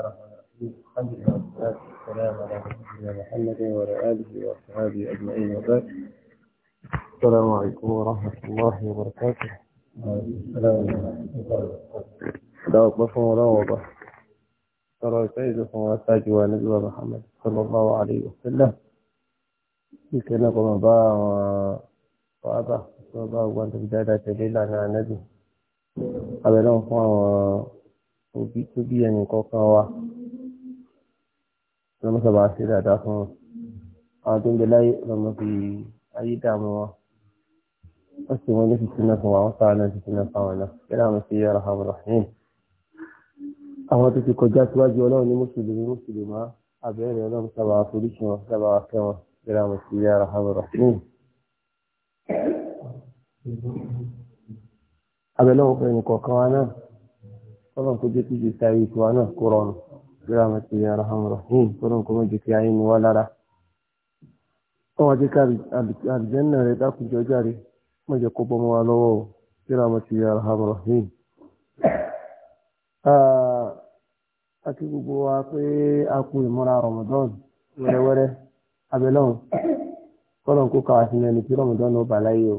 الرحمن الرحيم الحمد لله والصلاة والسلام على سيدنا محمد وعلى آله وأصحابه أجمعين وبعد السلام عليكم ورحمة الله وبركاته السلام عليكم ورحمه أطلق ولا ترى سيدكم وساج ونبي محمد صلى الله عليه وسلم يمكن أن وأبا وأبا وأنت بداية دليل على نبي òbí tó bí ẹnì kọ̀ọ̀kan wa lọ́mọ́sàbà ṣe dáadáa fún wọn àwọn tó ń bẹ láyé lọ́mọ fi ayé dààmú wọn wọ́n sì wọ́n lé fi síná fún wa wọ́n sáà náà fi síná fún àwọn náà yẹ́n àwọn sí yàrá àwọn rahim àwọn tó ti kọjá síwájú ọlọ́run ní mùsùlùmí mùsùlùmá àbẹ̀rẹ̀ ọlọ́run sábà foríṣi wọn sábà fẹ́ wọn yẹ́n àwọn sí yàrá àwọn rahim abẹ́lẹ́wọ̀n fẹ́ nìkọ̀ọ̀kan wa náà ọlọ́run kó jẹ́ kí ju ta ikú wa náà kó rọrùn gírámà ti yára hamra hìn ọlọ́run kó má jẹ́ kí ayé ni wá lára ọlọ́run jẹ́ kí àlùjànnà rẹ̀ dákùnjọ járe má jẹ́ kó bọ́ mọ́ wa lọ́wọ́ o gírámà ti yára hamra hìn. àti gbogbo wa pé a kú ìmúra Ramadan wẹ́rẹ́wẹ́rẹ́ abẹ́lọ́run ọlọ́run kó kàwá sí ẹni tí Ramadan ó bà láyé o.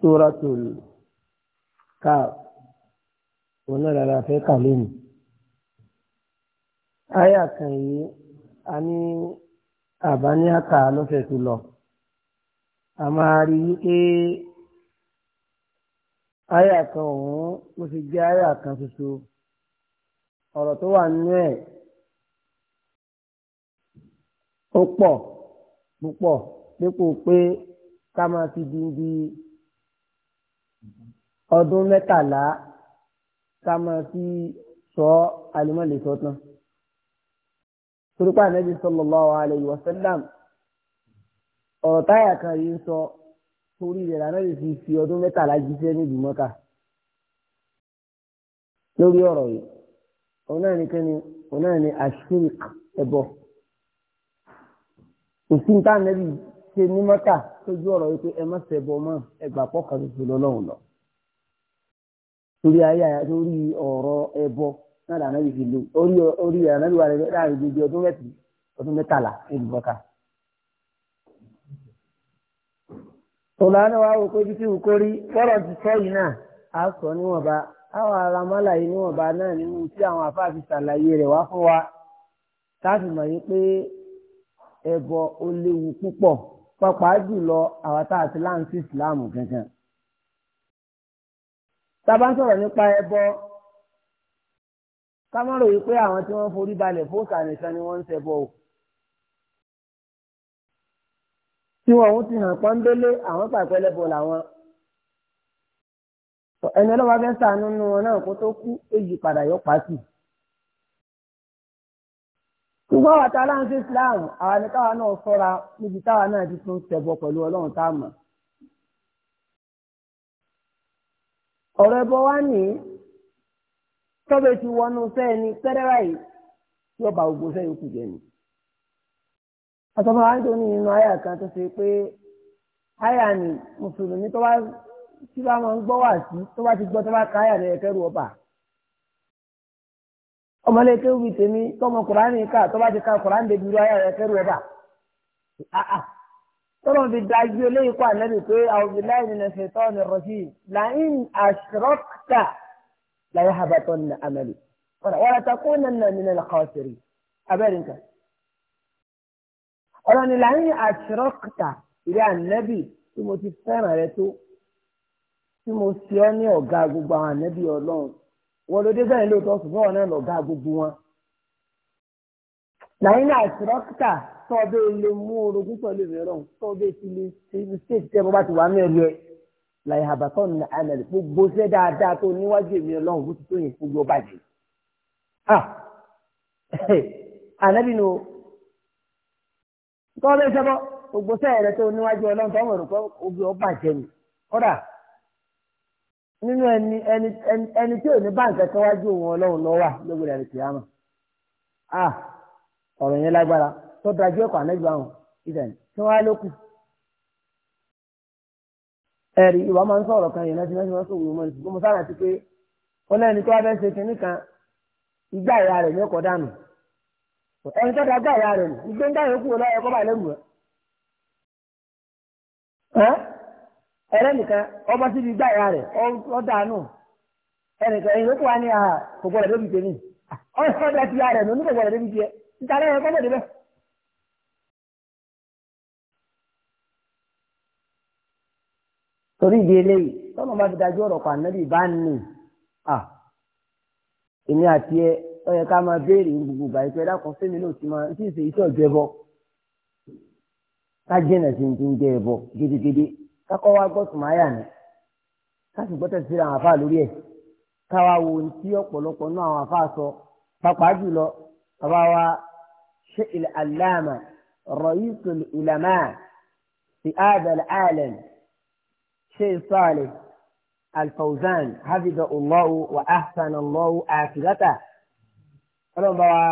suratul Kahf òun náà rárá fẹ́ kà lónìí. Áyà kan yìí a ní àbá ní àkà lọ́sẹ̀ tó lọ. A máa rí wípé áyà kan òun ló fi jẹ́ áyà kan ṣoṣo. Ọ̀rọ̀ tó wà nínú ẹ̀ ó pọ̀ púpọ̀ dípò pé ká máa fi dín bíi ọdún mẹ́tàlá ká máa fi sọ alimọ́lẹ̀ sọ tán. Torípa ànábi sallallahu alayhi wa sallam ọ̀rọ̀ táyà kan yìí ń sọ torí rẹ̀ ànábi fi fi ọdún mẹ́tàlá jíṣẹ́ ní ìdùmọ́ka. Lórí ọ̀rọ̀ yìí, òun náà ní kíni, òun náà ní àṣírík ẹ̀bọ. Òsín tá ànábi ṣe ní mọ́ta tójú ọ̀rọ̀ yìí pé ẹ má ṣẹ̀bọ mọ́ ẹgbàá pọ̀ kan tuntun lọ́lọ́run lọ. torí ayé àyàtòrí ọ̀rọ̀ ẹbọ náà lànà yìí fi lò orí orí ànábì wà láàrin gbogbo ọdún mẹ́tì ọdún mẹ́tàlá olùbọ̀ta. tòlá náà wá wò pé bí tí kó rí fọ́rọ̀ ti sọ yìí náà a sọ níwọ̀nba àwọn aramọ́là yìí níwọ̀nba náà nínú tí àwọn afáà fi ṣàlàyé rẹ̀ wá wa mọ̀ pé léwu púpọ̀ pàápàá gangan. tábà ń sọ̀rọ̀ nípa ẹbọ ká má rò wípé àwọn tí wọ́n forí balẹ̀ fóòsà nìkan ni wọ́n ń ṣẹbọ o. tí wọn ò ti hàn pọ́ńdélé àwọn pàpẹ́lẹ́bọ làwọn. ẹni ọlọ́wọ́ fẹ́ sànú nu wọn náà kó tó kú èyí padà yọ pàṣẹ. ṣùgbọ́n àwọn tá a láǹṣẹ́ Islam àwọn ni káwa náà sọ́ra níbi táwa náà ti tún ṣẹbọ pẹ̀lú Ọlọ́run tá mọ̀. ọ̀rọ̀ ẹbọ wá ní tọ́bẹ̀ tí wọnú sẹ́ni pẹ́rẹ́rà yìí tí ọba ògbó sẹ́yìn kù jẹ́ ni. àtọ́fà wa ń tó ní inú àyà kan tó ṣe pé àyà ni mùsùlùmí tó bá tí bá máa ń gbọ́ wà sí tó bá ti gbọ́ ka àyà rẹ̀ kẹ́rù ọba. ọmọlẹ́kẹ́ tèmi tọmọ ka kùránì débi àyà rẹ̀ kẹ́rù ọba. tọ́lọ́ fi dájú eléyìí kọ́ ànábì pé àwòbí láì nínú ṣètọ́ ní rọ́ṣì làyìn àṣírọ́kà láyé habatọ́ ní amẹ́lì wọ́n ta kó nà nà nínú lọ́kọ́sìrì abẹ́rẹ́ nǹkan. ọ̀rọ̀ ni làyìn àṣírọ́kà ìrẹ́ ànábì tí mo ti fẹ́ràn rẹ tó tí mo ṣe ọ́ ní ọ̀gá gbogbo àwọn ànábì ọlọ́run wọ́n ló dé bẹ́ẹ̀ lóòótọ́ ṣùgbọ́n ọ̀nà ọ̀gá gbogbo wọn. làyìn àṣírọ́kà tọ́ọ̀bẹ lè mú orogún pẹ̀lú ìrẹ́rọ̀n tọ́ọ̀bẹ ti lè ṣe mistake tẹ́ bọ́ bá ti wà ní ẹ̀rú ẹ̀ láì àbàtọ́ ní àmẹ́lẹ̀ gbogbo ṣẹ́ dáadáa tó níwájú èmi ọlọ́run bó ti tó yẹn gbogbo ọba jù. ànábì ni o tọ́ọ̀bẹ ṣẹ́bọ́ gbogbo ṣẹ́ rẹ tó níwájú ọlọ́run tó ń rò pé obi ọba jẹ ni kọ́dà nínú ẹni ẹni ẹni tí ò ní báǹkì ẹ̀kọ́ wájú òun ọlọ́run lọ́wà lóògbé tó dájú ẹ̀kọ́ ànágbà wọn tí wọ́n á lókù. ẹ̀rí ìwà máa ń sọ̀rọ̀ kan yẹn láti láti máa ń sọ̀rọ̀ ìsìnkú mo sára ti pé wọn lẹ́ni tó wá fẹ́ ṣe kinní kan igbá ìyá rẹ̀ ní ọkọ̀ dànù ẹni tó dájú ìyá rẹ̀ ní ìgbé ń yòókù bá ẹlẹ́nìkan ọba síbi ìyá ọ dànù ẹnìkan ẹ̀yìn yòókù wa ní kò débi tèmi ọ̀ torí ìdí eléyìí tọ́lọ́ bá fi dájú ọ̀rọ̀ pa ànábì bá ń nì à èmi àti ẹ ọ yẹ ká máa béèrè gbogbo báyìí pé dákun sẹ́mi náà ti máa ń tí ì ṣe iṣẹ́ ọ̀jọ́ ẹbọ ká jẹ́nà sí ti ń jẹ ẹbọ gidigidi kákọ́ wá gbọ́ sùmáyà ni ká sì gbọ́tẹ̀ sí àwọn àfáà lórí ẹ̀ ká wá wo ohun tí ọ̀pọ̀lọpọ̀ náà àwọn àfáà sọ pàápàá jùlọ bàbá wa ṣe ìlàlámà rọ̀yìsùn ìlàmà sí àdàlẹ́ شيخ صالح الفوزان حفظه الله وأحسن الله عاقبته ọlọ́run bá wa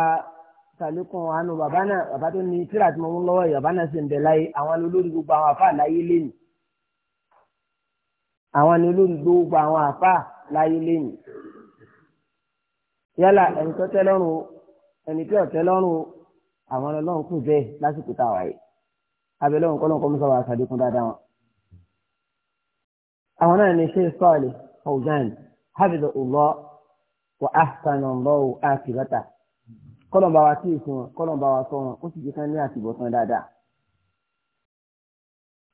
sàlékún àánú bàbá náà bàbá tó ní tíra tí mo mú lọ́wọ́ bàbá náà sì ń bẹ̀ láyé àwọn olórí gbogbo àwọn àfáà láyé lẹ́nu àwọn olórí gbogbo àwọn àfáà láyé lẹ́nu yálà ẹni tó tẹ́ lọ́rùn o ẹni tí ò tẹ́ lọ́rùn o àwọn ọlọ́run kù bẹ́ẹ̀ lásìkò tá a wáyé abẹ́lẹ́ òǹkọ́lọ́ǹkọ́ mú sọ wà sàlékún dáadáa wọn àwọn náà ní ṣe sọ́ọ̀lì ọ̀gán hábìlì ọ̀lọ́ wà áfààní lọ́wọ́ àtìbátà kọ́lọ̀ bá wa sí ìsìn kọ́lọ̀ bá wa sọ̀rọ̀ ó sì jẹ́ ká ní àtìbọ̀tán dáadáa.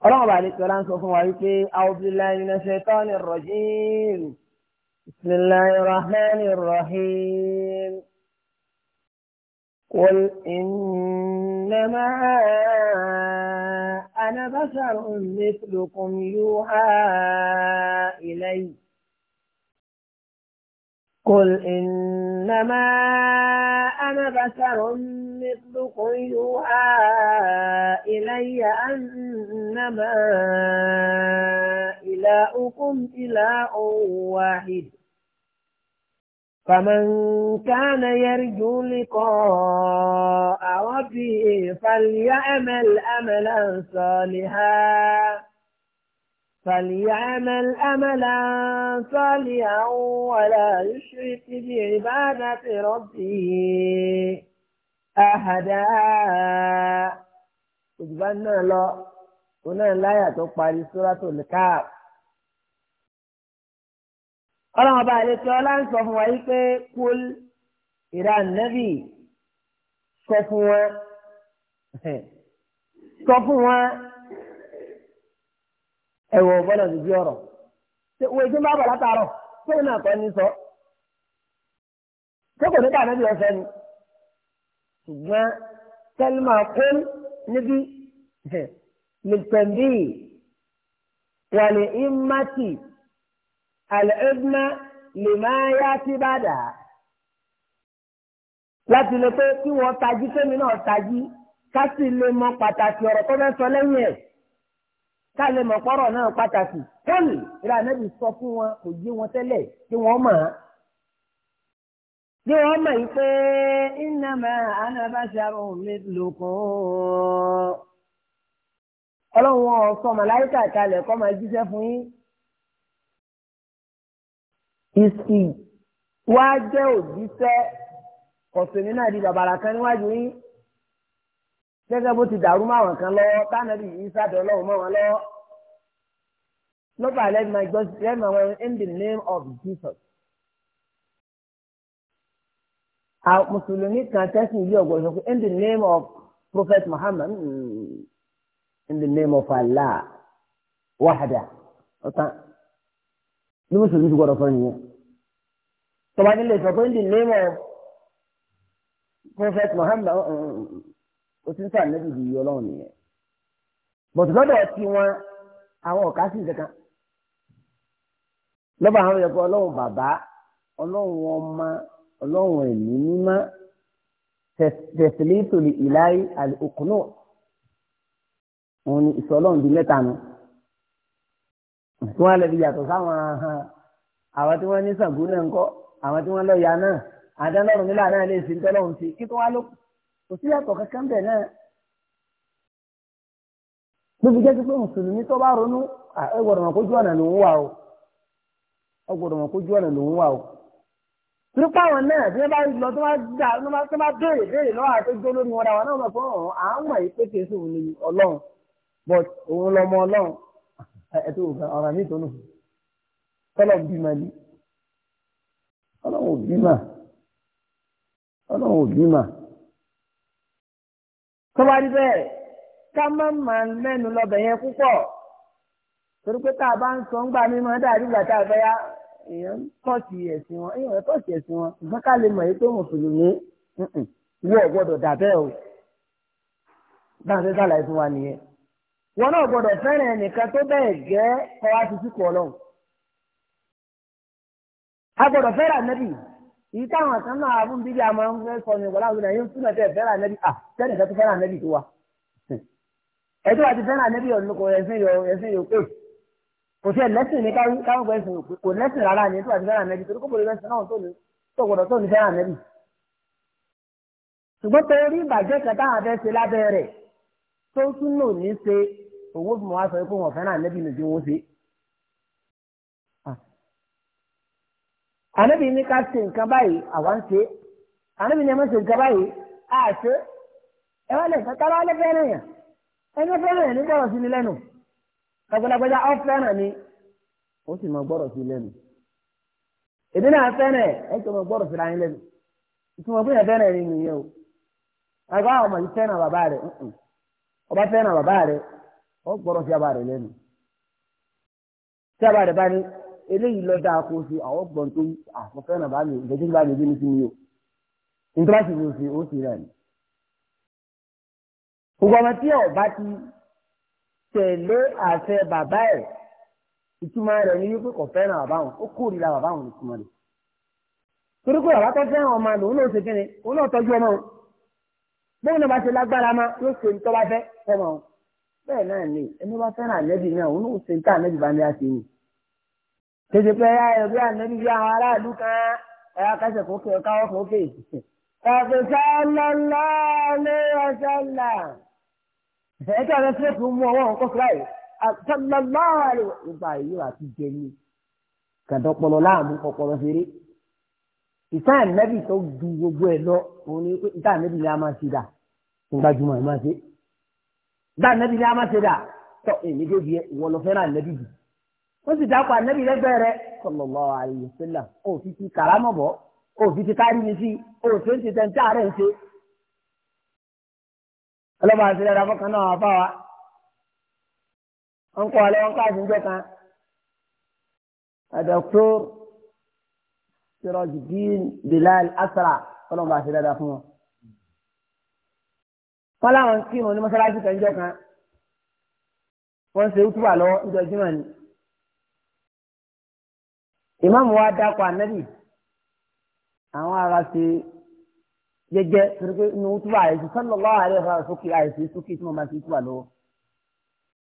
ọlọ́run bá àdékọ́ lá ń sọ fún wa wípé auzubillahi minash shaitanir rajim bismillahir rahmanir rahim. قل إنما أنا بشر مثلكم يوحى إلي قل إنما أنا بشر مثلكم يوحى إلي أنما إلهكم إله واحد فمن كان يرجو لقاء ربه فليعمل أملا صالحا فليعمل أملا صالحا ولا يشرك بعبادة ربه أحدا ṣùgbọ́n náà lọ òun náà láyà tó parí sóràtò lè ọlọ́run bá àlejò ọlá ń sọ fún wa yìí pé kúl ìrà nẹ́bì sọ fún wọn sọ fún wọn ẹ̀wọ̀ bọ́lá ti di ọ̀rọ̀ wo ìdí bá bọ̀ látàárọ̀ tó ní àkọ́ ní sọ tó kò ní ká nẹ́bì ọ̀sẹ̀ ni ṣùgbọ́n tẹ́lẹ̀mà kún níbi lùpẹ̀ndì wàlẹ̀ ìmátì àlẹ́gbẹ́ lè máa yá sí bàdà láti lè pé kí wọ́n tají kémi náà tají ká sì lè mọ pàtàkì ọ̀rọ̀ tó fẹ́ sọ lẹ́yìn ẹ̀ ká lè mọ̀ pọ́rọ̀ náà pàtàkì kọ́ọ̀lì ìlà nẹ́bí sọ fún wọn kò yé wọn tẹ́lẹ̀ kí wọ́n mọ̀ ọ́n. Bí wọ́n mọ̀ yìí pé innama ana basharun mithlukum. Ọlọ́run ọ̀sán màláìkà kalẹ̀ kọ́ máa jíṣẹ́ fún yín ìsìn wá jẹ́ òjíṣẹ́ kọ̀sìnì náà di bàbàrà kan níwájú yín gẹ́gẹ́ bó ti dàrú mọ́ àwọn kan lọ́wọ́ tánàbí ìsàdọ̀ ọlọ́run mọ́ wọn lọ́wọ́ ló bá lẹ́nu máa gbọ́ lẹ́nu máa wọ́n in the name of Jesus. àwọn mùsùlùmí kan tẹ́sí ìlú ọ̀gbọ̀n sọ pé in the name of Prophet Muhammad hmm. in the name of Allah wahada Okay ní mùsùlùmí ti gbọdọ̀ sọ nìyẹn tọba nílé sọ pé ń di prophet Muhammad ó ti ń sàn níbi ìdíyẹ ọlọ́run nìyẹn bọ̀tù lọ́dọ̀ tí wọn àwọn ọ̀ká sì kankan lọ́ba àwọn yẹ kó ọlọ́run bàbá ọlọ́run ọmọ ọlọ́run ẹ̀mí mímọ́ tẹ̀sílẹ̀ tòlì ìláyé àlùkùnú òun ni ìsọlọ́run di mẹ́ta nu wọn lè fi yàtọ̀ sáwọn ahàn àwọn tí wọ́n ní sàgó náà ń kọ́ àwọn tí wọ́n lọ ya náà àdánlọ́run nílà náà lè fi tọ́lọ́run sí kí tó wá ló kò sí yàtọ̀ kankan bẹ̀ náà. gbogbo jẹ́ sí pé mùsùlùmí tó bá ronú ẹ gbọ́dọ̀ mọ̀ kójú ọ̀nà ló ń wà o ẹ gbọ́dọ̀ mọ̀ kójú ọ̀nà ló ń wà o. nípa àwọn náà tí wọ́n bá lọ tó bá béèrè béèrè lọ́wọ́ àti ẹtú ògùn ọ̀rọ̀ mi tó nù bímọ ni ọlọ́run bímọ ọlọ́run bímọ. tọ́wá rí ká má máa mẹ́nu lọ́bẹ̀ yẹn púpọ̀ torí pé tá a bá ń sọ ń gbà mí máa dàbí ìgbà tá a fẹ́ yá èèyàn tọ́sí ẹ̀sìn wọn èèyàn tọ́sí ẹ̀sìn wọn ṣùgbọ́n ká lè mọ̀ yìí tó mùsùlùmí wọ́ọ̀ gbọ́dọ̀ dà o bá a fún wa nìyẹn wọn náà gbọ́dọ̀ fẹ́ràn ẹnìkan tó bẹ́ẹ̀ gẹ́ ọwọ́ àti síkù ọlọ́run a gbọ́dọ̀ fẹ́ràn nẹ́bì yìí táwọn kan náà abúlé bíbí àmọ́ ń fẹ́ sọ ní ìwọlá òun ẹ̀yìn fún ẹ̀fẹ́ fẹ́ràn nẹ́bì à sẹ́ni kan tó fẹ́ràn nẹ́bì tó wa ẹjọ́ àti fẹ́ràn nẹ́bì ọ̀nùkọ ẹ̀sìn yọ ẹ̀sìn yọ pé kò sí ẹ̀lẹ́sìn ní káwọn gbọ́ ẹ̀sìn kò lẹ́sìn rárá ni ẹjọ́ àti fẹ́ràn nẹ́bì torí kò bọ̀dọ̀ lẹ́sìn náà tó gbọ́dọ̀ tó ní fẹ́ràn nẹ́bì ṣùgbọ́n torí ìbàjẹ́ kan táwọn afẹ́ ṣe lábẹ́ rẹ̀ tó tún lò ní ṣe òwò fún wa sọ pé wọn fẹ́ràn ànẹ́bí nìjú wọn ṣe. ànẹ́bí ní ká ṣe nǹkan báyìí àwa ń ṣe ànẹ́bí ní ẹ má ṣe nǹkan báyìí á ṣe ẹ wá lè fẹ́ ká wá lè fẹ́ràn yàn ẹni fẹ́ràn yàn ní gbọ́dọ̀ sí ni lẹ́nu ẹgbẹ́lẹ́gbẹ́já ọ fẹ́ràn ni ó sì máa gbọ́dọ̀ sí lẹ́nu èmi náà fẹ́ràn ẹ̀ tó máa gbọ́dọ̀ sí láyé lẹ́nu ìtumọ̀ fún yàn fẹ́ràn ẹ̀ nìyẹn o àgbà àwọn ọmọ yìí fẹ́ràn bàbá rẹ̀ ọba fẹ́ràn bàbá rẹ̀ ọ gbọ́dọ̀ sí bàbá rẹ̀ lẹ́nu tí bàbá rẹ̀ bá ní eléyìí lọ dáa kó sí àwọn gbọ̀n tó àwọn fẹ́ràn bàbá mi ìgbẹ́jọ́ bá mi bínú sí mi o nítorí àti mi ò sí ó sì rẹ̀ ni. gbogbo ọmọ tí ọba ti tẹ̀lé àṣẹ bàbá ẹ̀ ìtumọ̀ rẹ̀ ni wípé kò fẹ́ràn bàbá wọn ó kórìíra bàbá wọn ìtumọ̀ rẹ̀ torí pé bàbá tó fẹ́ràn ọmọ àná náà ṣe kíni òun náà tọ́jú ọmọ òun bóun náà bá ṣe lágbára ma yóò ṣe ní tọ́ bá fẹ́ràn o bẹ́ẹ̀ náà ni ẹni bá fẹ́ràn ànẹ́bí náà òun náà ṣe ń ká ànẹ́bí bá ní àṣẹ yìí. tètè pé ẹyà ẹ̀rọ bí ànẹ́bí bí àwọn aráàlú kan ẹ̀yà kásẹ̀ kókè káwọ́ kókè. kàfé sálọ́lá lé ọ̀sálà. ẹ̀ka rẹ̀ fẹ́ fún mú ọwọ́ nǹkan fúláì. sálọ́lá rẹ̀ nípa ìlú àti jẹni. kàdọ́pọlọ láàmú ọpọlọ fèrè. ìtàn ànẹ́bí tó ju gbogbo ẹ̀ lọ òun ni ìtàn ànẹ́bí ni a máa ṣe dà gba anabi ní ama ṣe dà tọ èmi débi yẹ ìwọ lọ fẹ́ràn anabi jù wọ́n sì dákọ̀ anabi lẹ́gbẹ̀ẹ́ rẹ sallallahu alaihi wasallam kò fi ti kàrámọ̀ bọ̀ kò fi ti kárí mi sí kò tó ń ti tẹ̀ ń tẹ́ àárẹ̀ ń ṣe. ọlọ́ba àti ẹ̀rọ afọ́kan náà wà fáwa wọ́n kọ́ ọlẹ́ wọn káàsì ń jẹ́ kan Dr. Sirajudeen Bilal Asra ọlọ́ba àti ẹ̀rọ fún wọn wọn láwọn tí wọn ní mọ́sálásí kan jọ kan wọ́n ṣe wútúbà lọ́wọ́ níjọ́ jimá ni ìmáàmù wa dákọ̀ ànábì àwọn ará ṣe jẹ́jẹ́ torí pé inú wútúbà àìsí sallallahu alaihi wa sókè àìsí sókè tí wọ́n bá ṣe wútúbà lọ́wọ́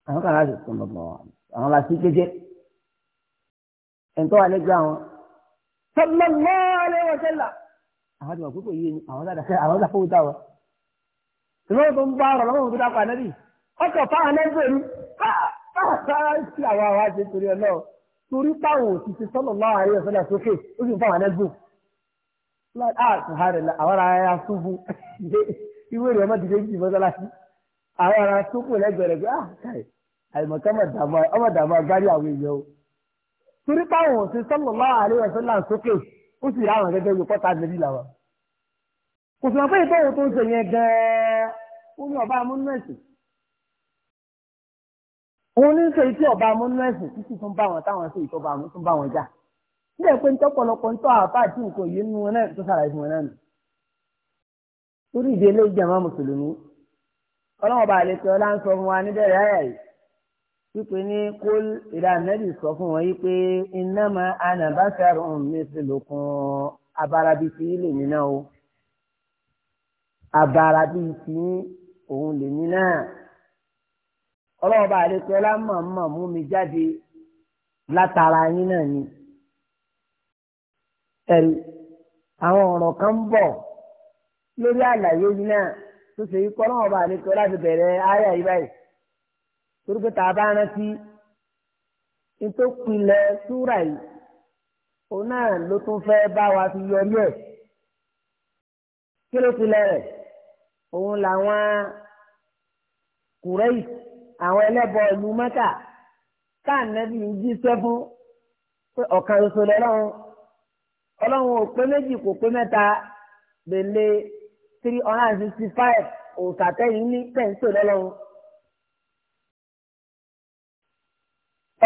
àwọn kan láti sọ̀rọ̀ lọ́wọ́ àwọn láti jẹ́jẹ́ ẹ̀ńtọ́ àlejò àwọn sallallahu alaihi wa àwọn àwọn dáadáa àwọn dáadáa ìmọ̀ràn tó ń bá ọ̀rọ̀ lọ́wọ́ òkúta pa nẹ́bí ọkọ̀ fáwọn ẹgbẹ̀rú káàkiri sí àwọn àwọn àti torí ẹ náà torí táwọn òṣìṣẹ́ sọ́nà máa ayé ẹ̀fẹ́ náà sókè ó sì ń fáwọn ẹgbẹ̀ ah! àtùhárẹ̀ àwọn ará ṣubú ìwé rẹ̀ ọmọ dìde jì mọ́sálásí àwọn ará ṣubú lẹ́gbẹ̀rẹ̀ pé ah! àìmọ̀kẹ́ ọmọ dàmú agbárí àwọn èèyàn o torí táwọn òṣìṣẹ́ sọ́nà máa ayé ẹ̀fẹ́ náà sókè ó sì ráwọn gẹ́gẹ́ bí pọ́tà nẹ́bí làwọn kò ọba amúnúẹ̀sìn òun ní sọ ìtí ọba amúnúẹ̀sìn títí tún bá wọn táwọn sọ ìtọ́ba àmú tún bá wọn jà nígbà pé ntọ́pọ̀lọpọ̀ ntọ́ àbá àti nǹkan yìí nínú wọn náà tó sára ìfún wọn náà nù torí ìdí eléyìí jàmá mùsùlùmí ọlọ́wọ́n bá àlejò ọlá ń sọ fún wa níbẹ̀rẹ̀ ayà yìí wípé ní kó ìdánilẹ́bì sọ fún wọn wípé innama ana basharun mislukum abarabi ti ilé mi náà o abarabi ti òun lèmi náà ọlọ́ọ̀bá àdékọ́ lámàmà mú mi jáde látara yín náà ni ẹ̀rí àwọn ọ̀rọ̀ kan ń bọ̀ lórí àlàyé yín náà tó ṣe ikọ́ ọlọ́ọ̀bá àdékọ́ láti bẹ̀rẹ̀ áyà yìí báyìí torí pé tá rántí nítòpinlẹ̀ súrà yìí òun náà ló tún fẹ́ bá wa fi yọrí ẹ̀ kí ló pinlẹ̀ rẹ̀ òun làwọn kùrẹ́ì àwọn ẹlẹ́bọ ìlú mẹ́ta káànẹ́bí ń jíṣẹ́ fún pé ọ̀kan ṣoṣo lọ́lọ́run ọlọ́run ò pé méjì kò pé mẹ́ta gbèlè three hundred and sixty five òsàtẹ́yìn ní tẹ̀síò lọ́lọ́run.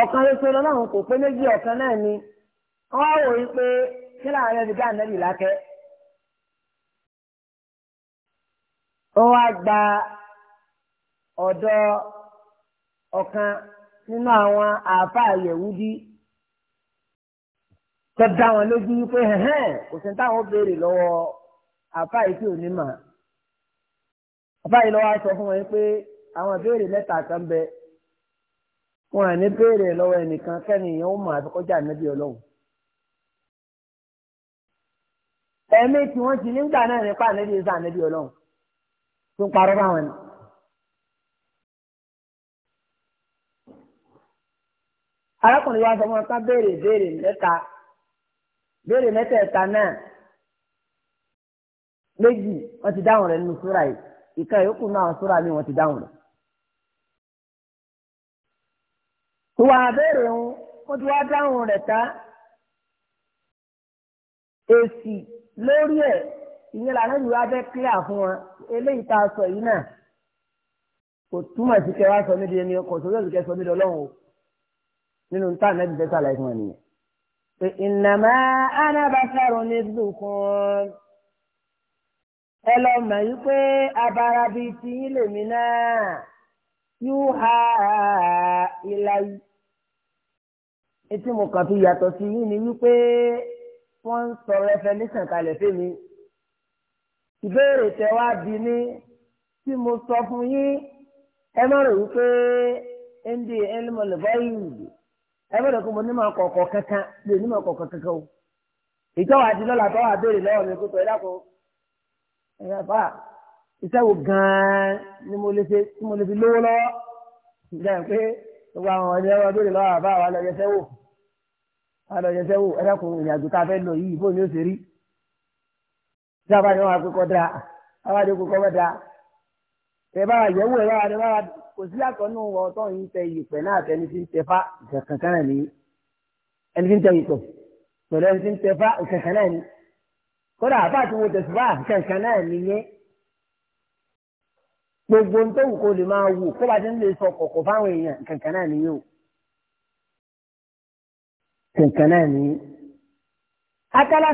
ọ̀kan ṣoṣo lọ́lọ́run kò pé méjì ọ̀kan náà ni wọ́n wòye pé kí làwọn ẹlẹ́bí káànẹ́bí lákẹ́. wọ́n wá gba ọ̀dọ̀ ọ̀kan nínú àwọn àáfàá yẹ̀wúdí tó dá wọn lójú wípé hẹ̀hẹ́n kò sí táwọn béèrè lọ́wọ́ àáfàá yìí tí ò ní mà. àáfàá yìí lọ́wọ́ sọ fún wọn pé àwọn béèrè mẹ́ta kan bẹ wọn à ní béèrè lọ́wọ́ ẹnìkan kẹ́nìyàn ó mọ̀ àfikọ́jà níbi ọlọ́run. ẹ̀ẹ́mẹ́tì wọ́n ti nígbà náà nípa ànábìyẹsà ànábìyẹ ọlọ́run tó ń parọ́ báwọn ni. arákùnrin wa sọ fún ọkàn béèrè béèrè mẹ́ta béèrè mẹ́tẹ̀ẹ̀ta náà méjì wọ́n ti dáhùn rẹ̀ nínú súra yìí ìka yòókù náà súra mi wọ́n ti dáhùn rẹ̀. ìwà àbẹ̀rẹ̀ wọn wọ́n ti wá dáhùn rẹ̀ ta èsì lórí ẹ̀ ìyẹn làwọn ìlú abẹ́ clear fún wọn eléyìí tá a sọ yìí náà kò túmọ̀ sí kẹwàá sọ níbi ẹni ọkọ̀ sórí òsì kẹsọ níbi ọlọ́run o nínú tá a bẹ́tà láì fún wọn nìyẹn. pé ìnàmá anábàṣàrò ní dùkún ẹ lọ mọ̀ yí pé abara ti yín lèmi náà yóò ha ilá yìí. etí mo kàn fi yàtọ̀ sí yín ni wípé wọ́n ń sọ rẹfẹ nísàn kalẹ̀ fẹ́mi ìbéèrè tẹ wá bí ní tí mo sọ fún yín ẹ má rò wípé ndí ẹlẹmọlẹ báyìí ẹ má rò pé mo ní ma kọ̀kọ̀ kankan mi ò ní ma kọ̀kọ̀ kankan o ìjọba àti lọ́la tó wà béèrè lọ́wọ́ mi kó tó ẹ dákun ẹ yà bá iṣẹ́ wo gan ni mo lè ṣe tí mo lè fi lówó lọ́wọ́ ìjà pé gbogbo àwọn ọ̀dẹ́ ẹ̀rọ béèrè lọ́wọ́ àbá wa lọ́jọ́ sẹ́wò wa lọ́jọ́ sẹ́wò ẹ dákun ìrìnàjò tá a fẹ́ lọ yìí bóun ni ó ṣe rí sábà ní wọn àkókò dáa àwọn àdókò kọ́ bá dáa tẹ̀bá àyẹ̀wò ẹ̀rọ àdébá kò sí àtọ́nú ọ̀tọ́ yìí tẹ ìyìpẹ̀ náà tẹni tí ń tẹfá ìkankan náà ní ẹni tí ń tẹ ìyìpẹ̀ pẹ̀lú ẹni tí ń tẹfá ìkankan náà ní kódà àbá àti wo tẹ̀síwá ìkankan náà nìyẹn gbogbo ń tó kó lè máa wù kó bá ti ń lè sọ kọ̀kọ̀ fáwọn èèyàn ìkankan náà nìyẹn o ìkankan náà nìyẹn. akálá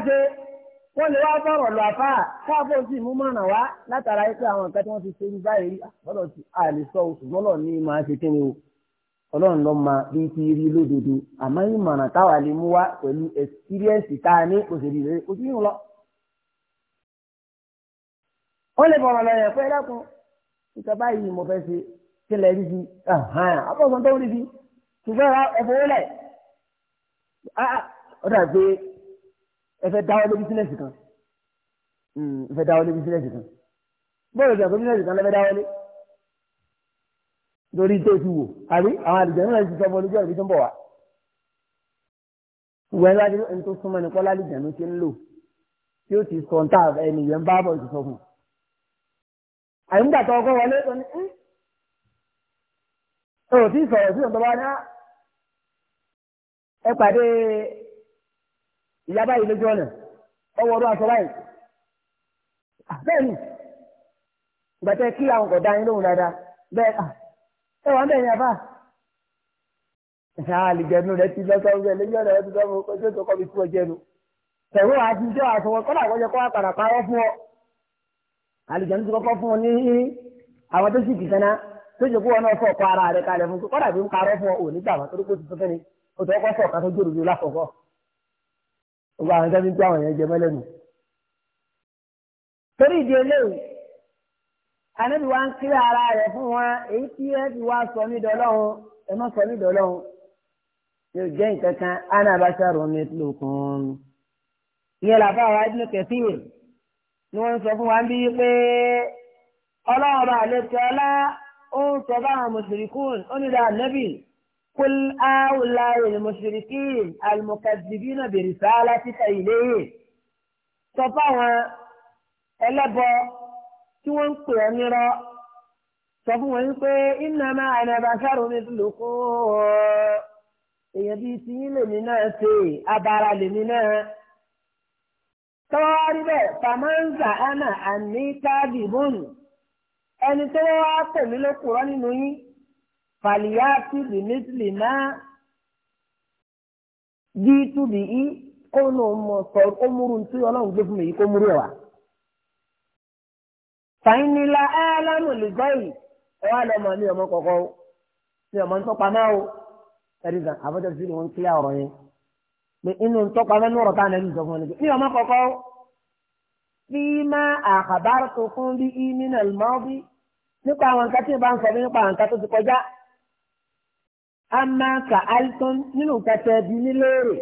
wọ́n lè wá bọ̀rọ̀ lọ àfà káàbọ̀ sí mú mọ̀ràn wá látara pé àwọn nǹkan tí wọ́n ti ṣe ní báyìí ọlọ́run ti àlè sọ oṣù mọ́lọ̀ ní máa ṣe kíni o ọlọ́run lọ máa bí ti rí lódodo àmọ́ ìmọ̀ràn táwa lè mú wá pẹ̀lú ẹ̀sìpírẹ́ǹsì tá a ní òṣèlú rẹ̀ ojú yìí ń lọ. wọ́n lè bọ̀rọ̀ lọ yẹn pé dákun nǹkan báyìí mo fẹ́ ṣe kí lẹ rí sí àbọ̀sán ẹ fẹ́ dáwọ́ lé bísínẹ́sì kan hmm, ẹ fẹ́ dáwọ́ lé bísínẹ́sì kan bọ́ọ̀lù ìgbà bísínẹ́sì kan lẹ́fẹ́ dáwọ́ lé lórí tó ti wò àbí àwọn àlùjọ náà ti sọ bọ́ lójú ọ̀rọ̀ tó ń bọ̀ wá. ìwà ńlá ẹni tó súnmọ́ ni kọ́lá lè jẹ̀nu ti ń lò tí ó ti sọ ń tà ẹnìyẹn bá bọ̀ ti sọ fún un. àyíǹdà tó ọkọ wọlé tó ní ẹ ò tí ì sọ̀rọ̀ sí ọ̀dọ́ wa ní ah, ẹ pàdé ya báyìí lójú ọ̀nà ọwọ́ ọdún aṣọ báyìí ah, bẹ́ẹ̀ ni ìgbà tẹ kí àwọn kọ̀ọ̀dá yín lóhùn dáadáa bẹ́ẹ̀ ah, ẹ wà bẹ́ẹ̀ ni àbá àlìjẹnu rẹ ti lọ́sọ̀ rẹ lójú ọ̀nà rẹ ti lọ́sọ̀ rẹ tó tó kọ́ ti jọ àṣọ kọ́ àpàrà parọ́ fún ọ àlìjẹnu ti kọ́kọ́ fún ọ ní àwọn tó sì kì sẹ́nà tó náà kọ́ gbogbo àwọn tẹ́lẹ̀ tí àwọn yẹn jẹ mẹ́lẹ́nu. torí ìdí eléyìí anábì wa ń kílẹ̀ ara rẹ̀ fún wọn èyí tí ẹ ti wá sọ ní dọ́lọ́hún ẹ má sọ ní dọ́lọ́hún yóò jẹ́ nǹkan kan ana basharun mithlukum. ìyẹn làbá wa Ibn Kathir ni wọ́n sọ fún wa bí pé ọlọ́run àlejò ọlá ó ń sọ báwọn mùsùlùmí kùn ó ní dáa nẹ́bì. قل هؤلاء المشركين المكذبين برسالتك إليه sọ fáwọn ẹlẹ́bọ tí wọ́n ń pè ọ́ nírọ́ sọ fún wọn pé innama ana basharun mithlukum èèyàn bíi ti yín lèmi náà ṣe abara lèmi náà tọ́wọ́ rí bẹ́ẹ̀ famanza ana àní káàdì bọ́ọ̀nù ẹni tó wá pè mí lókùrọ́ nínú yín fàlìyàtì bìmítìlì náà bí túbì í kó nù mọ sọ ó múru tí ọlọ́run gbé fún mi yìí kó múru ẹ̀ wá. fàìnílà álámù lìgọ́yì ẹ wá lọ mọ ní ọmọ kọ̀ọ̀kọ́ ní ọmọ ń tọ́pa náà o ẹ̀rí gan àbọ̀dọ̀ sí ni wọ́n ń kílẹ̀ ọ̀rọ̀ yẹn pé inú ń ní ọ̀rọ̀ táwọn ẹni sọ fún wọn ní ọmọ kọ̀ọ̀kọ́ bí máa àkàbárò tó fún bí í nínú ẹ̀ nípa àwọn nǹkan tí ì ama ka alton nínú kẹtẹ bi ní lóore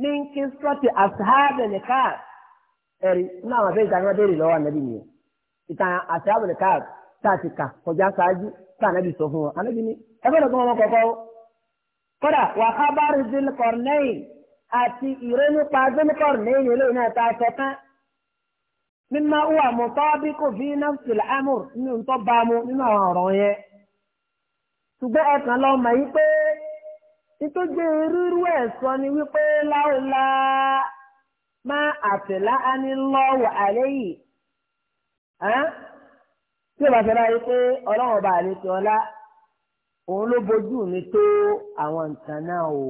ní kí sọtì asahabẹlẹ káàd ẹrí nínú àwọn afẹ́ ìdáná béèrè lọ́wọ́ anabi nìyẹn ìtàn asahabẹlẹ káàd táàtì kà kọjá sáájú tá anabi sọ fún wọn anabi ní ẹgbẹ́ ìdọ̀tún wọn kọ̀ọ̀kọ́ kódà wà á bárí dín kọ̀ọ̀nẹ́yìn àti ìró nípa dín kọ̀ọ̀nẹ́yìn eléyìí náà tá a sọ tán mímá wà mọ́tọ́ bí kò bí náà fìlà ámùr nínú tó bá mu nínú àwọn ọ̀rọ̀ yẹn ṣùgbọ́n ẹ̀kan lọ mọ̀ yí pé ìtọ́jú rírú ẹ̀ sọ ni wípé láòlá máa àtẹ̀lá anilọ́wọ̀ àlẹ́ yìí tí ìbá fẹ́ báyìí pé ọlọ́run ọba àlejò ọlá òun ló bójú mi tó àwọn nǹkan náà o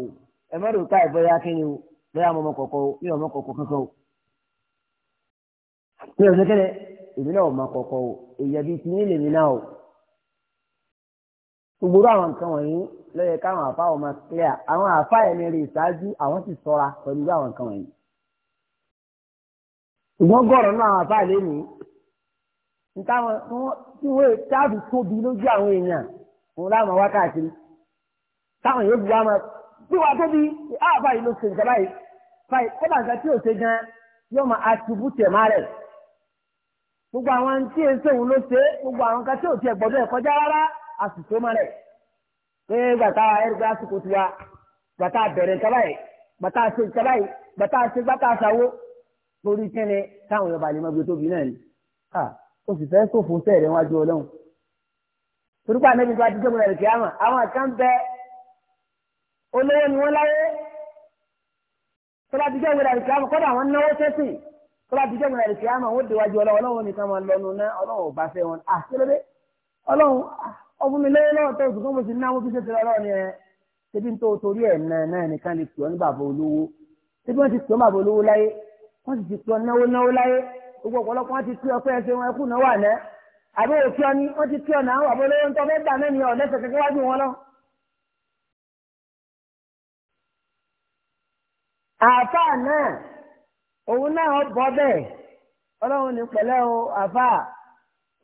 ẹ mọ́ rò ká ìbọyá kí ni o bóyá ọmọ ọmọkọ̀kọ̀ o ní ọmọ ọkọ̀kọ̀ kankan o ní ọ̀sẹ̀ kẹ́lẹ́ èmi náà ọmọ ọkọ̀kọ̀ o èyí ẹbí ti ní lèmi náà o gbogbo àwọn nǹkan wọ̀nyí lọ́yẹ káwọn àfa ọmọ clear àwọn àfa ẹni rè ṣáájú àwọn sì sọra pẹ̀lú àwọn nǹkan wọ̀nyí. ṣùgbọ́n gọ́ọ̀rọ̀ náà àwọn àfa lẹ́nu ntáwọn tí wọ́n táàbù tóbi lójú àwọn èèyàn òun láwọn wákàtí táwọn yóò bu wa máa bí wàá tóbi àfa yìí ló ṣe nǹkan báyìí báyìí kọ́dà nǹkan tí ò ṣe gan yóò máa attribute má rẹ̀ gbogbo àwọn tí èso òun ló ṣe gbogbo àwọn kan tí ò tiẹ̀ gbọ́dọ̀ ẹ̀ kọjá rárá a sì tó mọ́lẹ̀ pé gbàtà ẹ̀rùgbà àsìkò tiwa gbàtà bẹ̀rẹ̀ nǹkan báyìí gbàtà ṣe nǹkan báyìí gbàtà ṣe gbàtà ṣàwó lórí kẹ́ni táwọn ìyọba àlè máa gbé tóbi náà ni ó sì fẹ́ sófo sẹ́ẹ̀rẹ̀ wájú ọlọ́run torípa níbi tó a ti jẹ́ mọ́lẹ̀ kí á mọ̀ àwọn kan bẹ olówó ni wọ́n láyé tó bá ti jẹ́ mọ́lẹ̀ kí á mọ̀ kọ́dà àwọn náwó sẹ́sìn tó bá ti jẹ́ mọ́lẹ̀ kí á mọ̀ wọ́n déwájú ọlọ́run nìkan máa lọ́nu náà ọlọ́run bá fẹ́ wọn àṣẹ ọlọ́run ọfún mi lẹ́yìn lọ́wọ́ tẹ́ ìfúnkan mo sì ní àwọn fíṣẹ́ tẹ́lẹ̀ ọlọ́run yẹn ṣebí ń tó torí ẹ̀ náà náà nìkan lè tìọ́ ní bàbá olówó ṣebí wọ́n ti tìọ́ bàbá olówó láyé wọ́n sì ti tìọ́ náwó náwó láyé gbogbo ọ̀pọ̀lọpọ̀ wọ́n ti tìọ́ pé ẹsẹ̀ wọn ẹkú náà wà náà àbí òkè ọ́ni wọ́n ti tìọ́ náà wà bọ́lọ́wọ́ ń tọ́ fẹ́ gbà mẹ́ni ọ̀ lẹ́sẹ̀ kẹ́kẹ́ wájú wọn lọ. àáfà náà òun náà bọ́ bẹ́ẹ̀ ọlọ́run ní pẹ̀lẹ́ o àáfà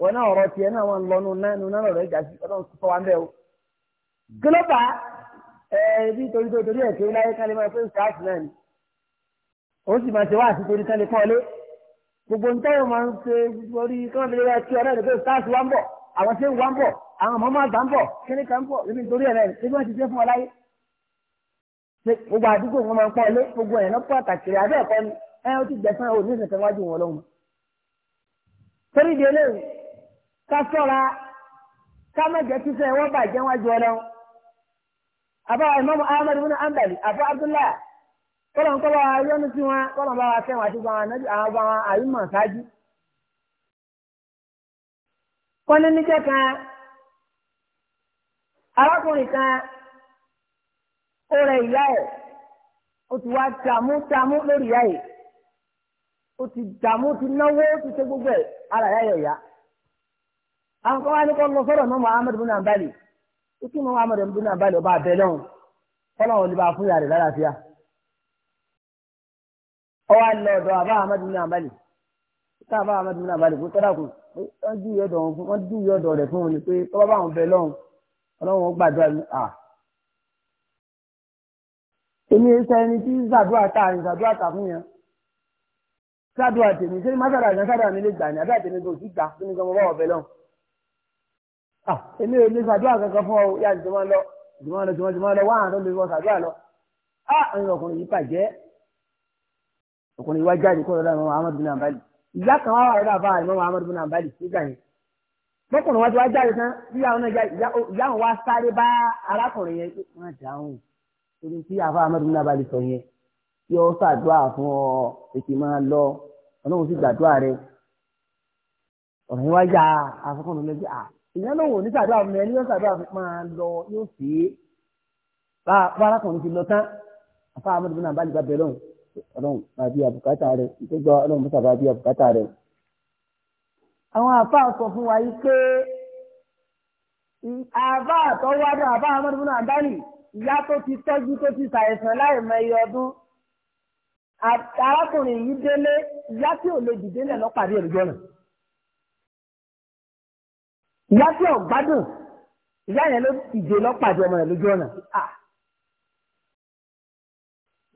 wọn náà ọ̀rọ̀ tiẹ̀ náà wọn lọ́nu nánu náà lọ́rọ̀ ìjà sí ọlọ́run sọ wa ń o. gílọ́bà ẹbí torí tó torí ẹ̀kẹ́ láyé kálí máa fẹ́ ṣáàtì náà ni ó sì máa ṣe wá àti torí kálí pọ́nlé gbogbo nǹkan yóò máa ń ṣe orí kọ́ńtà lè kí ọ̀rẹ́ rẹ̀ fẹ́ ṣáàtì wá ń bọ̀ àwọn ṣé ń wá ń bọ̀ àwọn ọmọ máa gbà ń bọ̀ kíní kan ń bọ̀ èmi torí ẹ̀rẹ́ ṣé bí wọ́n ti jẹ́ fún ọ láyé gbogbo àdúgbò wọn máa ń pọ́nlé gbogbo ẹ̀ náà pàtàkì rẹ̀ abẹ́ẹ̀kọ́ ká sọ́ra ká má jẹ́ kí sẹ́yìn wọ́n bàjẹ́ wọn jọ lọ. àbá ìmọ̀mù ahmed bin ambali àbá abdullah kọ́lọ̀ ń kọ́lọ̀ yọ́nu sí wọn kọ́lọ̀ bá wa kẹ́wọ̀n àti gbọ̀n àwọn ọba wọn àyùmọ̀ ṣáájú. wọ́n ní níjẹ́ kan arákùnrin kan o rẹ ìyá ẹ̀ ó ti wá tààmú tààmú lórí ìyá ẹ̀ o ti dààmú ti náwó ó ti ṣe gbogbo ẹ̀ ara ìyá ẹ̀ yá àwọn kan wá ní kó lọ sọ́dọ̀ mọ́ muhammed bin abali ikú mọ́ muhammed bin abali ọba abẹ́lẹ́hùn kọ́lọ́hùn olùbá fún yàrá lálàáfíà ọwọ́ àlọ́ ọ̀dọ̀ àbá muhammed bin abali ká àbá muhammed bin abali kó tọ́lá kù wọ́n dú ìyọ̀dọ̀ wọ́n dú ìyọ̀dọ̀ rẹ̀ fún wọn ni pé tọ́wọ́ bá wọn bẹ lọ́hùn ọlọ́run ó gbàdúrà ní à. èmi ń sẹ́ni tí ṣàdúrà ta àrùn ṣàdúrà ta fún yẹn ṣàdúrà tèmi ṣé mátàdà ìgbà ṣàdúrà mi lè gbà ní àdúrà tèmi kò gbà fún mi gan mo bá wọn bẹ lọ́hùn ah èmi ò lè ṣàdúrà kankan fún ọ yá ìjọba lọ ìjọba lọ ìjọba ìjọba lọ wá àrùn lè wọ ṣàdúrà lọ ah àwọn ọkùnrin yìí bàjẹ́ ọkùnrin yìí wá jáde kó lọ́dọ̀ àwọn Ahmad bin Ambali ìyá kan wá wà lọ́dọ̀ àbá àwọn Ahmad bin Ambali nígbà yẹn mọ́kùnrin wá ti wá jáde tán bí àwọn náà ìyá àwọn wá sáré bá arákùnrin yẹn má dáhùn torí tí àfa Ahmad bin Ambali sọ yẹn yóò ṣàdúrà fún ọ ètò máa lọ ọlọ́run sì gbàdúrà rẹ ọ̀rẹ́ wá yá àfikún lọ́jọ́ à ìyẹn ló wò ní sàdúrà mi ẹni yóò sàdúrà mi máa lọ yóò sí i bá arákùnrin ti lọ tán àfa amadu bin abali bá bẹ̀rẹ̀ òun ọlọ́run máa bí àbùkátà rẹ ìtẹgbà ọlọ́run mọsà bá bí àbùkátà rẹ. àwọn àfa sọ fún wa yìí pé àbá àtọwádọ àbá amadu bin abali ìyá tó ti tọ́jú tó ti ṣàìsàn láì mọ iye ọdún arákùnrin yìí délé ìyá tí ò lè dìde náà lọ pàdé ẹ̀ lójọ́ ìyá tí ò gbádùn ìyá yẹn ló ìjè lọ́pàdé ọmọ rẹ̀ lójú ọ̀nà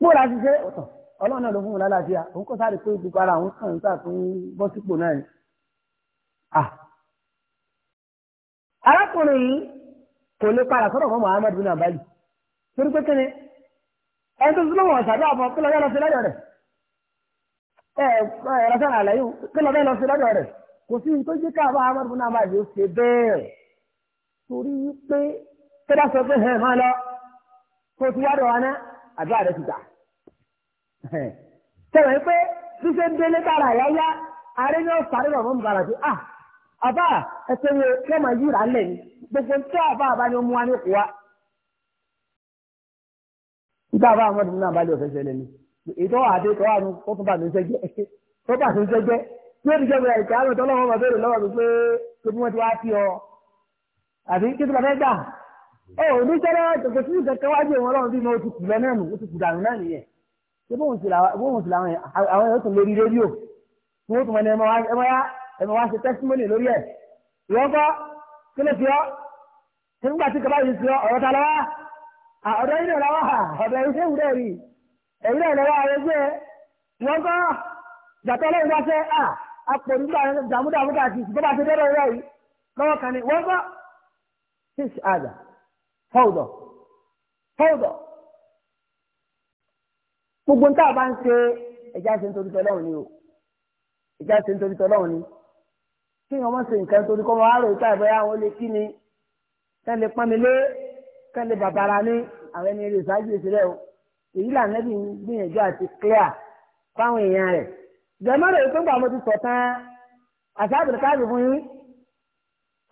múra ti ṣe ọ̀tọ̀ ọlọ́run náà ló fún un lálàáfíà òun kọ́ sáré pé gbogbo ara òun kàn ń sà fún bọ́ sípò náà ni. arákùnrin yìí kò lè padà sọ́dọ̀ fún Muhammad bin abali torí pé kíni ẹni tó súnmọ́ wọn ṣàdúrà fún kí lọ́ọ́ lọ sí lọ́dọ̀ rẹ̀ ẹ ẹ rọ́ṣẹ́ àlàyé kí lọ́ọ́ lọ sí lọ́dọ̀ rẹ̀ kò sí ní tó jẹ́ ká bá Ahmad bin Ahmad yóò ṣe bẹ́ẹ̀ torí pé tó bá sọ pé hẹ̀ máa lọ kó ti wá dọ̀wọ́ náà àdúrà rẹ̀ ti gbà. sọ̀rọ̀ pé ṣíṣe ń délé tààrà yáyá ààrẹ ní ọ̀sán àrẹ bàbá mi bàrà sí à àbá ẹsẹ̀ wo kí ọmọ yìí rà lẹ̀ ní gbogbo tí àbá àbá ni ó mú wa ní òkú wa. ìgbà àbá Ahmad bin Ahmad yóò fẹ́ ṣẹlẹ̀ ni ètò àdé tó wà tó bà bà mí sẹ́jẹ́ tí ó ti jẹ́ ìgbà ìkà àrùn tọ́lọ́wọ́ máa bèèrè lọ́wọ́ mi pé kí wọ́n ti wá sí ọ àbí kí tí wọ́n fẹ́ gbà ó ní sẹ́lẹ̀ tòkè sí ìkẹ́kẹ́ wájú ìwọ̀n ọlọ́run bí mo ti kù lọ náà nù ó ti kù dànù náà nìyẹn ṣé bóun sì làwọn àwọn èèyàn tún lórí rédíò tí wọ́n tún mọ ẹ̀mọ wá ṣe testimony lórí ẹ̀ ìwọ́n kí ló fi ọ́ tí nígbà tí kaba yìí fi ọ́ ọ̀rọ̀ ta lọ́wọ́ ọ̀dọ̀ yìí lọ́wọ́ ọ̀dọ̀ yìí ṣé ìwúrẹ́ rí ẹ̀yìn lọ́wọ́ àwọn ẹgbẹ́ e. ìwọ́n kọ́ gbàtọ́ wá sẹ́ apò nígbà dàmúdàmú káàkiri tó bá ti dẹ́rẹ́ rẹ̀ yìí lọ́wọ́ kan ní wọ́n bá six àjà fọ́ọ̀dọ̀ fọ́ọ̀dọ̀ gbogbo ń tàbá ń ṣe ẹja ṣe ń torí tọ́lọ́run ni o ẹja ṣe ń torí tọ́lọ́run ni kí wọ́n mọ̀ ṣe nǹkan torí kọ́ mọ́ àrò ìta ìbẹ́ àwọn olè kí ni kẹ́ lè pọ́n mi lé kẹ́ lè bàbára ní àwọn ẹni rè ṣáájú ìṣẹ̀lẹ̀ o èyí làǹdẹ́bì gbìyànjú àti clear fáwọn èèyàn rẹ̀ jẹ̀mọ́rẹ̀ yìí tó gbà mo ti sọ̀ tán àṣàbìrì káàbì fún yín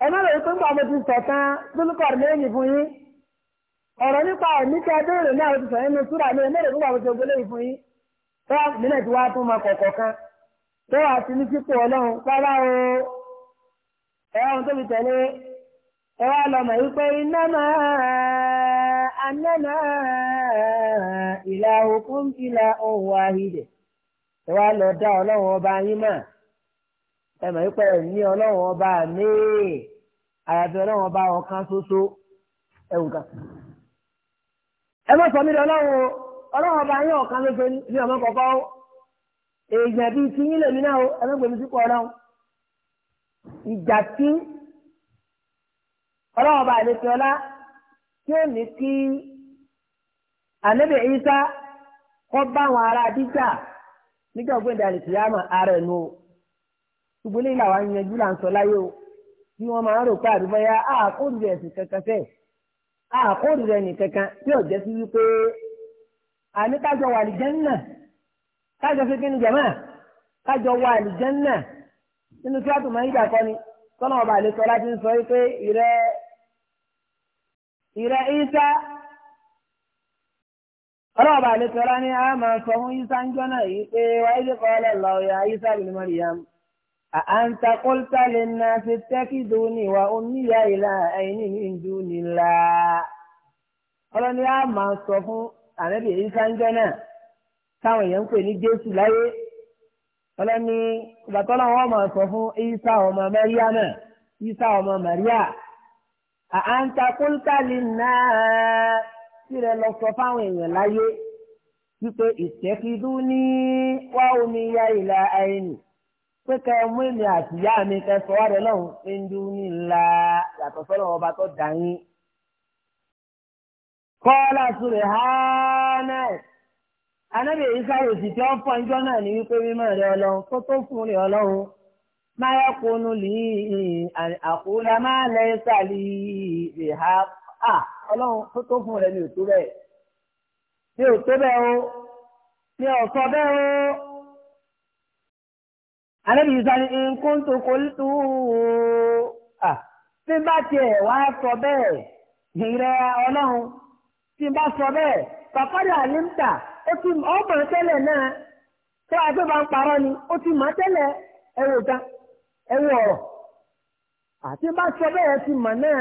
ẹ̀mọ́rẹ̀ yìí tó gbà mo ti sọ̀ tán dúlùkọ̀rì lẹ́yìn fún yín ọ̀rọ̀ nípa ẹ̀mí tí a béèrè náà ti sọ̀rọ̀ tó tún ma kọ̀ọ̀kọ̀ kan tó wà ní sípò sábà o ẹ wá ẹ wá lọ dá ọlọ́run ọba yín mọ̀ ẹ mọ̀ wípé ẹ ní ọlọ́run ọba míì àyàfi ọlọ́run ọba ọ̀kan ṣoṣo ẹ wù ká. ẹ má sọ mí lọ ọlọ́run ọlọ́run ọba yín ọ̀kan ṣoṣo ní ọmọ kọ̀ọ̀kan ó èèyàn bíi ti yín lèmi náà ó ẹ má gbèmí sípò ọlọ́run. ìjà tí ọlọ́run ọba àlejò ọlá tí ó ní kí ànábì Ìsá kọ́ bá àwọn ará díjà nígbà pé ìdàlẹ tí a mọ ara ẹnu o gbogbo ilé ìlàwọ àyànjú là ń sọ láyé o bí wọn máa ń rò pé àdúgbò ya àkóòdù ẹsìn kankan fẹ àkóòdù ẹnì kankan tí ò jẹ sí wípé àní kájọ wà àlìjẹ́nnà kájọ fi kíni jẹ̀mọ́ kájọ wà àlìjẹ́nnà nínú tí wàá tó máa ń yíjà kọ́ni tọ́nà ọba àlejò ọlá ti ń sọ wípé ìrẹ́ ìrẹ́ ìsá ọlọ́ọ̀bà àlẹ́sọ̀rọ̀ ni a máa sọ fún isa ń jọ́nà yìí pé wáyé lè kọ́ ọ́lẹ́ lọ ya isa bin Maryam àǹtà kólítà lè na ṣe tẹ́kìdù ní wa oníyà ìlà ẹ̀yìn ní ìdú nílá ọlọ́ni a máa sọ fún ànábì isa ń jọ́nà táwọn èèyàn ń pè ní Jésù láyé ọlọ́ni ìbátọ́lá wọn máa sọ fún isa ọmọ Maria náà isa ọmọ Maria àǹtà kólítà lè na tirẹ̀ lọ sọ fáwọn èèyàn láyé wípé ìtẹ́kidú ní wá omi ya ìlà àìní pé ká ẹ mú èmi àtìyá mi ká sọ wá rẹ lọ́hùn pé ń dún ní ńlá yàtọ̀ sọ́nà ọba tó dà yín. kọ́lá sùrẹ̀ hánà anábì èyí sáré òsìtì ọ̀fọ̀ ìjọ náà ní wípé mímọ́ rẹ ọlọ́run tó tó fún rẹ ọlọ́run máa yẹ kó nu lì àkúlá máa lẹ́sà lì í à ọlọ́run tó tó fún rẹ ni ò tó bẹ́ẹ̀ ni ò tó bẹ́ẹ̀ o ni ò sọ bẹ́ẹ̀ o. àlejò ìsani nǹkan tó kọ lítú à tí bá tiẹ̀ wá sọ bẹ́ẹ̀ ìrẹ ọlọ́run tí bá sọ bẹ́ẹ̀ pàpàdé àlímtà ó ti ọmọ tẹ́lẹ̀ náà tó àgbẹ̀ bá ni ó ti mọ̀ tẹ́lẹ̀ ẹ̀rọ ìta àti bá sọ bẹ́ẹ̀ ti mọ̀ náà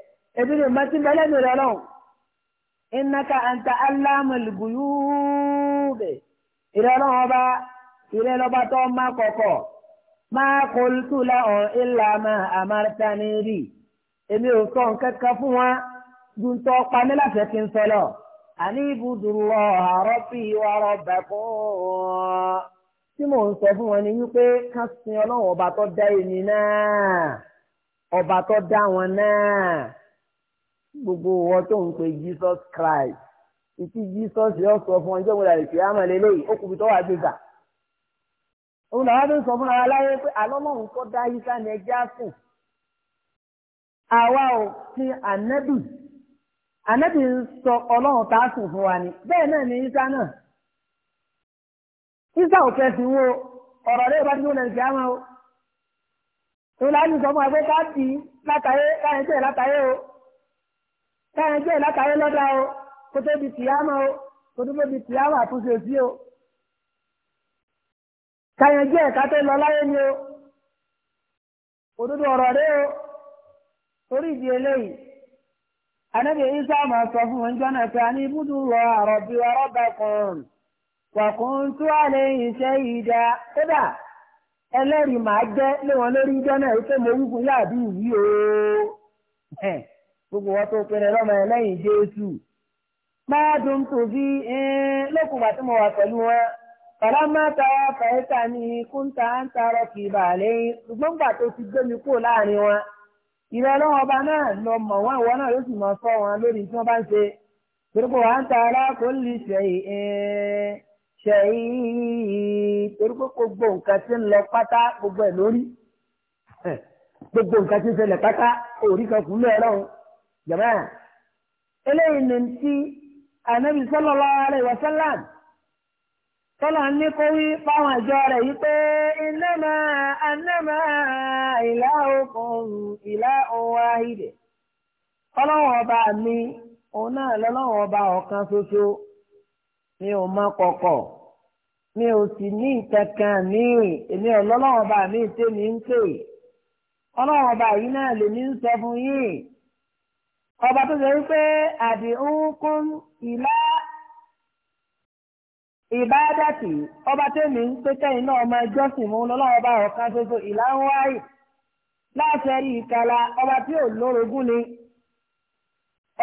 ebi ni mati bẹlẹ nu rẹ lọhùn innaka anta allamul ghuyub ìrẹ lọhùn ọba ìrẹ lọba tó má kọkọ má qultu lahum illa ma amartani bi èmi ò sọ nǹkan kan fún wa dùntọ́ pa mí kí n sọ lọ àní ibudullaha rabbi wa rabbakum tí mò ń sọ fún wọn ni wípé ká sin ọlọ́run ọba tó dá èmi náà ọba tó dá wọn náà gbogbo wọn tó ń pe Jesus Christ ìtí Jesus yóò sọ fún ọjọ́ ìwé àlèkè àmọ́ lélẹ́yìí ó kùbi tó wà gbéga. òun làwọn tó ń sọ fún ara láyé pé àlọ́mọ̀hún kọ́ dá yíká ni ẹja sùn. àwa ò fi ànábì ànábì ń sọ ọlọ́run tá a sùn fún wa ni bẹ́ẹ̀ náà ni yíká náà. yíká ò fẹ́ fi wo ọ̀rọ̀ lẹ́yìn bá ti wọ́n lẹ́yìn àmọ́ o. òun làwọn tó ń sọ fún wa pé ká látàyé káyọ̀ káyọ̀ jẹ́ ìlàkàyé lọ́dà o kó tó di tìyámà o kó tó di tìyámà àtúnṣe sí o káyọ̀ jẹ́ ẹ̀ka lọ láyé ni o òdodo ọ̀rọ̀ rẹ o torí ìdí eléyìí anabi isa máa sọ fún wọn jọ́nà pé a ní ibùdó wọ àròbí kan wàkùn tó àlẹ́ iṣẹ́ ìdá kódà ẹlẹ́rìí màá jẹ́ lórí jọ́nà o. gbogbo wọn tó péré lọ́mọ ẹ lẹ́yìn Jésù máa dùn tòbí eh, lókùnbà tí mo wà pẹ̀lú wọn kàlámàtà fẹ̀yìntà ní kúńtà ń tarọ kì í bà lẹ́yìn ṣùgbọ́n gbà tó ti gbé mi kúrò láàrin wọn ìrẹ́ ọlọ́wọ́n ọba náà lọ mọ̀ wọ́n ìwọ náà yóò sì mọ̀ fọ́ wọn lórí tí wọ́n bá ń ṣe torípò wà ń ta alákòólì ṣẹ̀yìn eh, ṣẹ̀yìn torípò gbogbo nǹkan tí ń lọ pátá gbogbo ẹ̀ lórí gbogbo nǹkan tí ń ṣẹlẹ̀ pátá òrí kan kù lọ́ọ́ jàmbá eléyìí ni ti ànábì sallallahu alaihi wasallam tọ́lá ní kó wí fáwọn àjọ rẹ̀ yìí pé innama annama ilahukum ilahun wahid ọlọ́wọ́n ọba mi òun náà lọ́lọ́wọ́n ọba ọ̀kan ṣoṣo mi ò mọ kọ̀kọ̀ mi ò sì ní ìkankan míì èmi ọlọ́wọ́n ọba mi tèmi ń pè ọlọ́wọ́n ọba yìí náà lèmi ń sọ fún yín. ọba tó ṣe wípé àdìhúnkún ìlà ìbádàtì ọba tèmi ń pé kẹ́yìn náà ọmọ ẹjọ́ sì mú lọ́wọ́ ọba ọ̀kan ṣoṣo ìlà ń wáyì láṣẹ ìkàlà ọba tí ò lórogún ni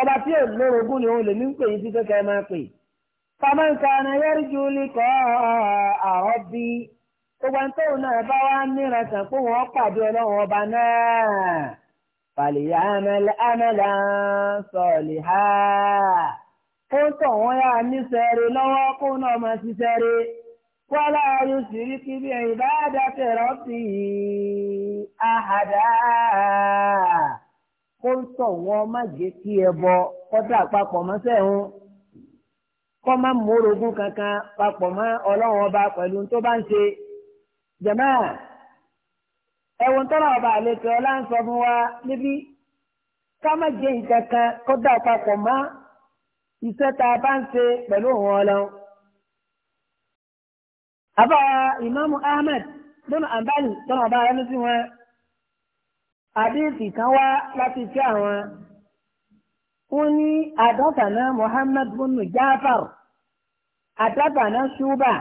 ọba tí ò lórogún ni òun lèmi ń pè yín sí kékeré máa pè. fàmáǹkà ni yẹ́rì ju likọ́ àrọ́ bí gbogbo ẹni tóun náà bá wá níra sàn pé wọ́n pàdé ọlọ́run ọba náà fàlìyàmẹ́l àmẹ́là sọ̀lìhà ó tọ̀ wọ́n yá ní sẹ́rẹ̀ lọ́wọ́ kó náà máa ti sẹ́rẹ̀ kọ́lá ayọ̀ sírí kí bí ẹ̀yìn bá dákẹ́ rọ́ọ̀tì àhàdá kó tọ̀ wọ́n má jẹ́ kí ẹ bọ kọ́tà papọ̀ mọ́ sẹ́hun kọ́ má mórogún kankan papọ̀ mọ́ ọlọ́run ọba pẹ̀lú tó bá ń ṣe jẹ̀máà ẹ̀wọ̀n tọ́lá ọba àlejò ọlá ń sọ fún wa níbí ká má jẹ nǹkan kan kó dà papọ̀ mọ́ iṣẹ́ tá a bá ń ṣe pẹ̀lú òun ọlọ́run. àbá ìmáàmù Ahmed lónà àbáyé tọ́lá ọba ẹni sí wọn àdéhùn kan wá láti fi àwọn. wọ́n ní àdọ́kànná Muhammad bunu Jafar àdọ́kànná Shuba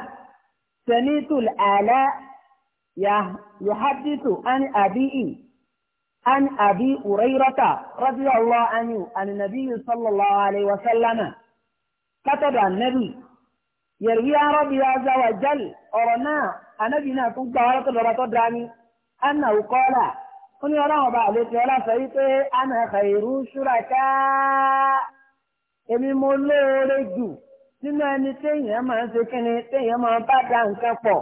sanitul ala. يحدث عن أبيه عن أبي هريرة رضي الله عنه عن النبي صلى الله عليه وسلم كتب النبي يروي عن ربي عز وجل أرنا أنبينا كنت غارت الرطة داني أنه قال قل يا رب عليك ولا فريق أنا خير شركاء èmi mo lóore jù nínú ẹni téèyàn máa ń ṣe kíni téèyàn máa bá dá nǹkan pọ̀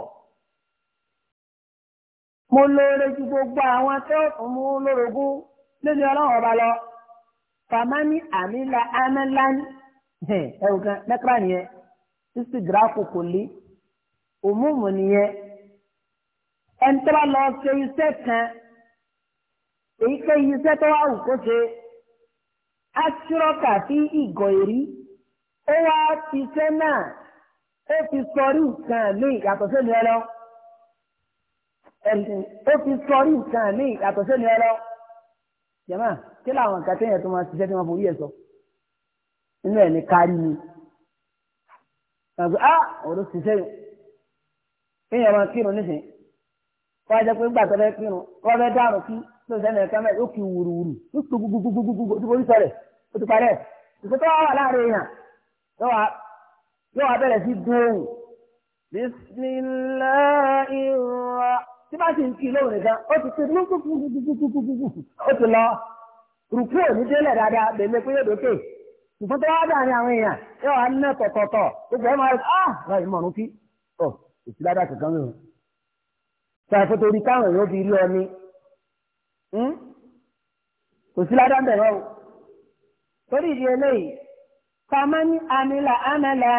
mo lóore ju gbogbo àwọn tẹ́ọ̀fún mú lórogún lórí ọlọ́run ọba lọ kàmání àmìlà amẹ́láni ẹ̀wù kan mẹ́kàrà nìyẹn sísì gíráàfù kò lé òmùmù nìyẹn ẹni tó bá lọ ṣe iṣẹ́ kan èyíkéyìí iṣẹ́ tó wà wù kó ṣe aṣírọ́kà sí ìgọ̀ èrí ó wá ti iṣẹ́ náà ó fi sọrí nǹkan lé ìyàtọ̀ sẹ́ni ẹ lọ ẹ̀sìn ó ti sọrí nǹkan ní ìyàtọ̀ sẹ́ni ọlọ́ jẹ́mà kí làwọn nǹkan tẹ́yìn tó máa ṣiṣẹ́ tí wọ́n forí ẹ̀ sọ inú ẹ̀ ní kárí ni àgbẹ̀ á ah, ọ̀rọ̀ ṣiṣẹ́ yìí kéèyàn máa kírun nísìn wọ́n á jẹ́ pé gbàtọ́ fẹ́ kírun wọ́n fẹ́ dárò kí tó sẹ́ni ẹ̀ka mẹ́rin ó kì í wùrùwùrù ó tó gbogbogbogbogbò tó forí sọ̀rẹ̀ ó ti parẹ́ ìṣe tó wà láàrin èèyàn yóò wá bẹ̀rẹ̀ sí dùn Bismillahir Rahmanir Rahim tí bá ti ń kí lóhùn nìkan ó ti ti lúkúkúkúkúkúkú ó ti lọ rùkú òní délẹ̀ dáadáa bèmí pé yóò dókè ṣùgbọ́n tó wá dáàrin àwọn èèyàn yóò wá ná tọ̀tọ̀tọ̀ gbogbo ẹ̀ máa rẹ̀ ah ra ìmọ̀ràn kí ọ̀ èsì dáadáa kankan mi o ṣàfihàn torí káwọn èèyàn fi rí ọ ní hmm? kò sí ládàá bẹ̀rẹ̀ o torí ìdí eléyìí kàmá ní amílà amẹ́lẹ́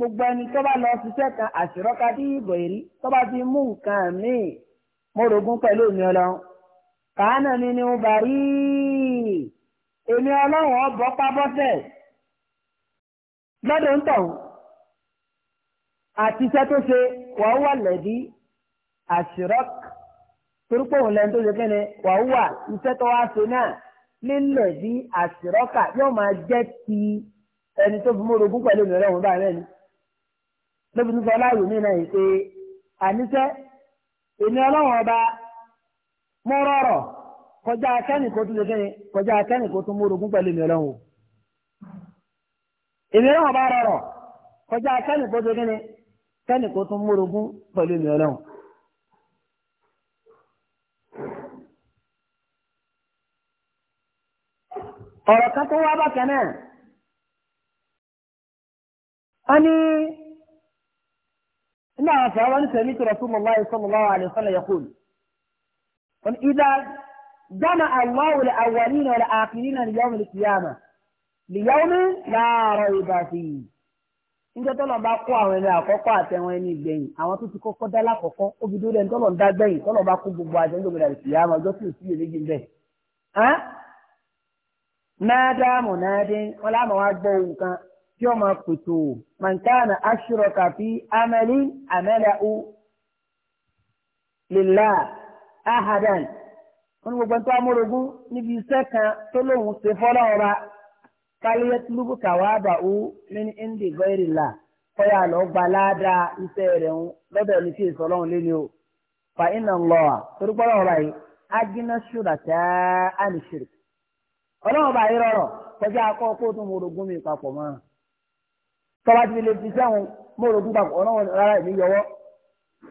gbogbo ẹni tó bá lọ ṣiṣẹ́ kan àṣìrọ́ka bí ìbò èrí tó bá fi mú nǹkan míì mo rògún pẹ̀lú mi ọlọ́run kàánà mi ni mo bà rí èmi ọlọ́run ọbọ̀ pábọ́sẹ̀ lọ́dọ̀ ń tọ̀hún àti iṣẹ́ tó ṣe wàá wà lẹ́bí àṣìrọ́k torípò òun lẹ́nu tó ṣe kí ni wàá wà iṣẹ́ tó wá ṣe náà lílẹ̀ bí àṣìrọ́kà yóò máa jẹ́ ti ẹni tó fi mú pẹ̀lú mi ọlọ́run báyìí níbi tó sọ láàyè mí náà yìí pé àníṣe èmi ọlọ́wọ́n ọba mú rọrọ̀ kọjá akẹ́nìkó tó lè kẹ́yìn kọjá akẹ́nìkó tó mú orogún pẹ̀lú èmi ọlọ́wọ́n o èmi ọlọ́wọ́n ọba rọrọ̀ kọjá akẹ́nìkó tó kẹ́ni kẹ́nìkó tó mú pẹ̀lú èmi ọlọ́wọ́n. ọ̀rọ̀ kan tó wá bákan náà a ní nínú àwọn sàrà wọn sẹ̀mí tó Rasulullah sallallahu alaihi wasallam yaqul wọn ìdá jama Allahu al-awwalina wal-akhirina li yawm al-qiyamah li yawmin la rayba fihi níjẹ́ tọ́lọ̀ bá kó àwọn ẹni àkọ́kọ́ àtẹ̀wọn ẹni ìgbẹ̀yìn àwọn tó ti kọ́kọ́ dá lákọ̀ọ́kọ́ ó fi dúró lẹ́nu tọ́lọ̀ ń dá gbẹ̀yìn tọ́lọ̀ bá kó gbogbo àjọ ń gbòmìnira ìsìyà ọjọ́ tí ò sí èléjì ń bẹ̀. dáàmú náà dé wọn láàmú wá gbọ́ ohun kan tí ó máa kùtù mọ̀nkánà fi amẹ́lí ahadan wọn gbogbo ń tó níbi iṣẹ́ kan tó lóun ṣe fọ́lá ọba káyé nínú kọ́yà gba ládàá iṣẹ́ rẹ̀ ń lọ́dọ̀ ní lẹ́ni o fa iná ń lọ à torí yìí agínà ṣúra a ní ọlọ́run ọba yìí rọrọ̀ kọjá tó mú orogún mi tọ́ba ti lè fi sẹ́wọ̀n mo rò dúpọ̀ ọlọ́wọ́ rárá èmi yọwọ́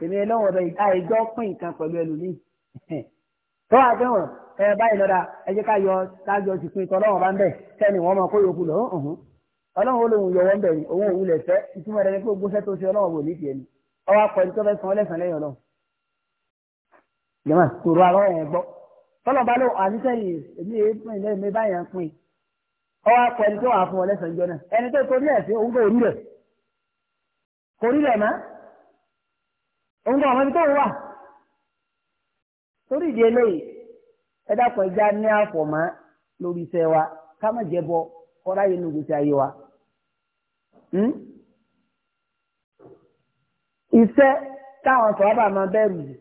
èmi ẹlọ́wọ́ bẹ àìjọ pín nǹkan pẹ̀lú ẹlòmíì tọ́wọ́ àtẹ̀wọ̀n ẹ báyìí lọ́dà ẹ jẹ́ ká yọ sáájọ ti pín tọ́lọ́wọ́ bá ń bẹ̀ sẹ́ni wọ́n máa kó yòókù lọ ọlọ́wọ́ olóhùn yọwọ́ ń bẹ̀ ni òun òun lè fẹ́ ìtumọ̀ rẹ ni pé gbóṣẹ́ tó ṣe ọlọ́wọ́ ọwọ́ akọ ẹni tó wà fún ọ lẹ́sàn náà ẹni tó torí ẹ̀ sí òun kò rí rẹ̀ kò rí rẹ̀ òun kò ọmọ ibi tó wà torí ìdí eléyìí ẹ ẹja ní lórí iṣẹ́ wa ká má bọ ayé wa. Hm? iṣẹ́ táwọn sọ̀rọ̀ bá máa bẹ́ẹ̀ rù jù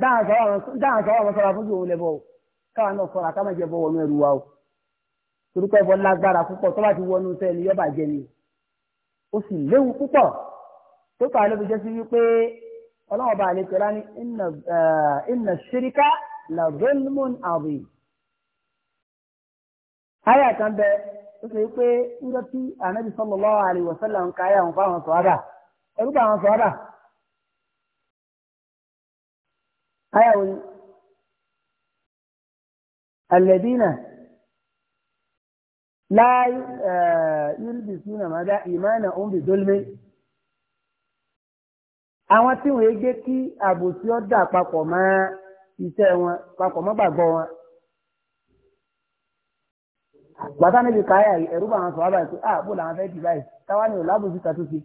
sọ̀rọ̀ àwọn sọ̀rọ̀ àfojúwò lẹ́bọ̀ káwọn náà sọ̀rọ̀ torúkọ ẹbọ lágbára púpọ̀ tó bá ti wọnú sẹ ni yọba jẹ ni ó sì léwu púpọ̀ tó fà á ló fi jẹ́ sí wípé ọlọ́wọ́ bá àlejò rá ní inna ṣíríkà eh, la zulmun azim. ayé kan bẹ ó sọ wípé nígbà tí anabi sallallahu alaihi wasallam ń ka ayé fáwọn sọ̀rọ̀ ẹ̀rú àwọn sọ̀rọ̀ ayé wọn. alladina láì yúlùbí súnà máa dá ìmáàna òun bì dólmé àwọn tí wọ́n gé kí àbòsí ọ̀dà papọ̀ mọ́ iṣẹ́ wọn papọ̀ mọ́ gbàgbọ́ wọn. bàtà níbi káyà ẹ̀rú bá wọn sọ wá báyìí pé ah bó làwọn fẹ́ di báyìí táwa ni ò lábòsí tàtúnṣe.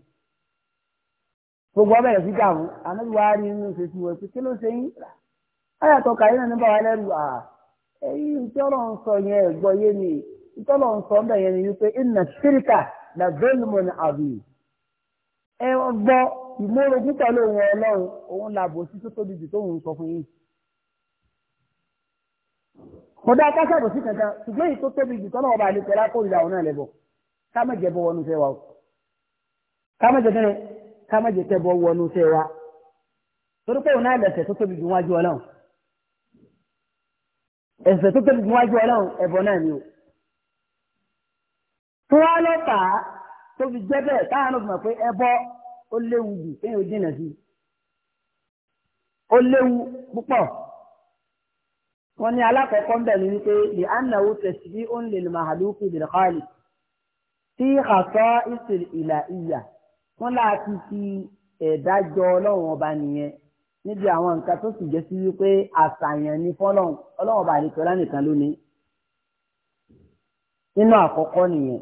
gbogbo ọbẹ̀ sí dààmú ànábi wàá rí inú ṣe sí wọn pé kí ló ṣe yín. ayàtọ̀ kàyé náà ní lẹ́rù à ah, èyí tí ọlọ́run sọ yẹn ẹ̀gbọ́ yé mi ìtọ́lọ̀ ń sọ ọ́nbẹ̀ yẹn ni wípé inna ṣíríkà la zulmun azim ẹ gbọ́ ìmọ̀rogún pẹ̀lú òun ọlọ́run òun làbò sí tó tóbi jù tóun sọ fún yìí. mo dá kásàbò sí kankan ṣùgbọ́n èyí tó tóbi jù tọ́lọ̀ ọba àlejò alákòrìlà òun náà lẹ́bọ̀ ká má jẹ́ bọ́ wọnú fẹ́ wa o ká má jẹ́ kẹ́rẹ́ ká má jẹ́ kẹ́ bọ́ wọnú fẹ́ wa torí pé òun náà lẹ̀sẹ̀ tó tóbi jù wájú ọlọ́run ẹ̀sẹ̀ tó tóbi jù wájú ọlọ́run ẹ̀bọ náà ni o tó wá lọ fà á tó fi jẹ́ bẹ́ẹ̀ táwọn náà fi mọ̀ pé ẹbọ ó léwu jù kéèyàn ó dènà sí i ó léwu púpọ̀ wọ́n ní alákọ̀ọ́kọ́ ń bẹ̀ ní wípé lè anáwó tẹ̀sí ó ń lè lè máa hàlú kí ìdìrẹ̀ káàlì tí àtọ́ ìsìn ìlà ìyà wọ́n láti fi ẹ̀dá jọ ọba nìyẹn níbi àwọn nǹkan tó sì jẹ́ sí wípé àṣàyàn ni fọ́lọ́run ọlọ́run ọba àdìsọ́lá nìkan lónìí nínú àkọ́kọ́ nìyẹn.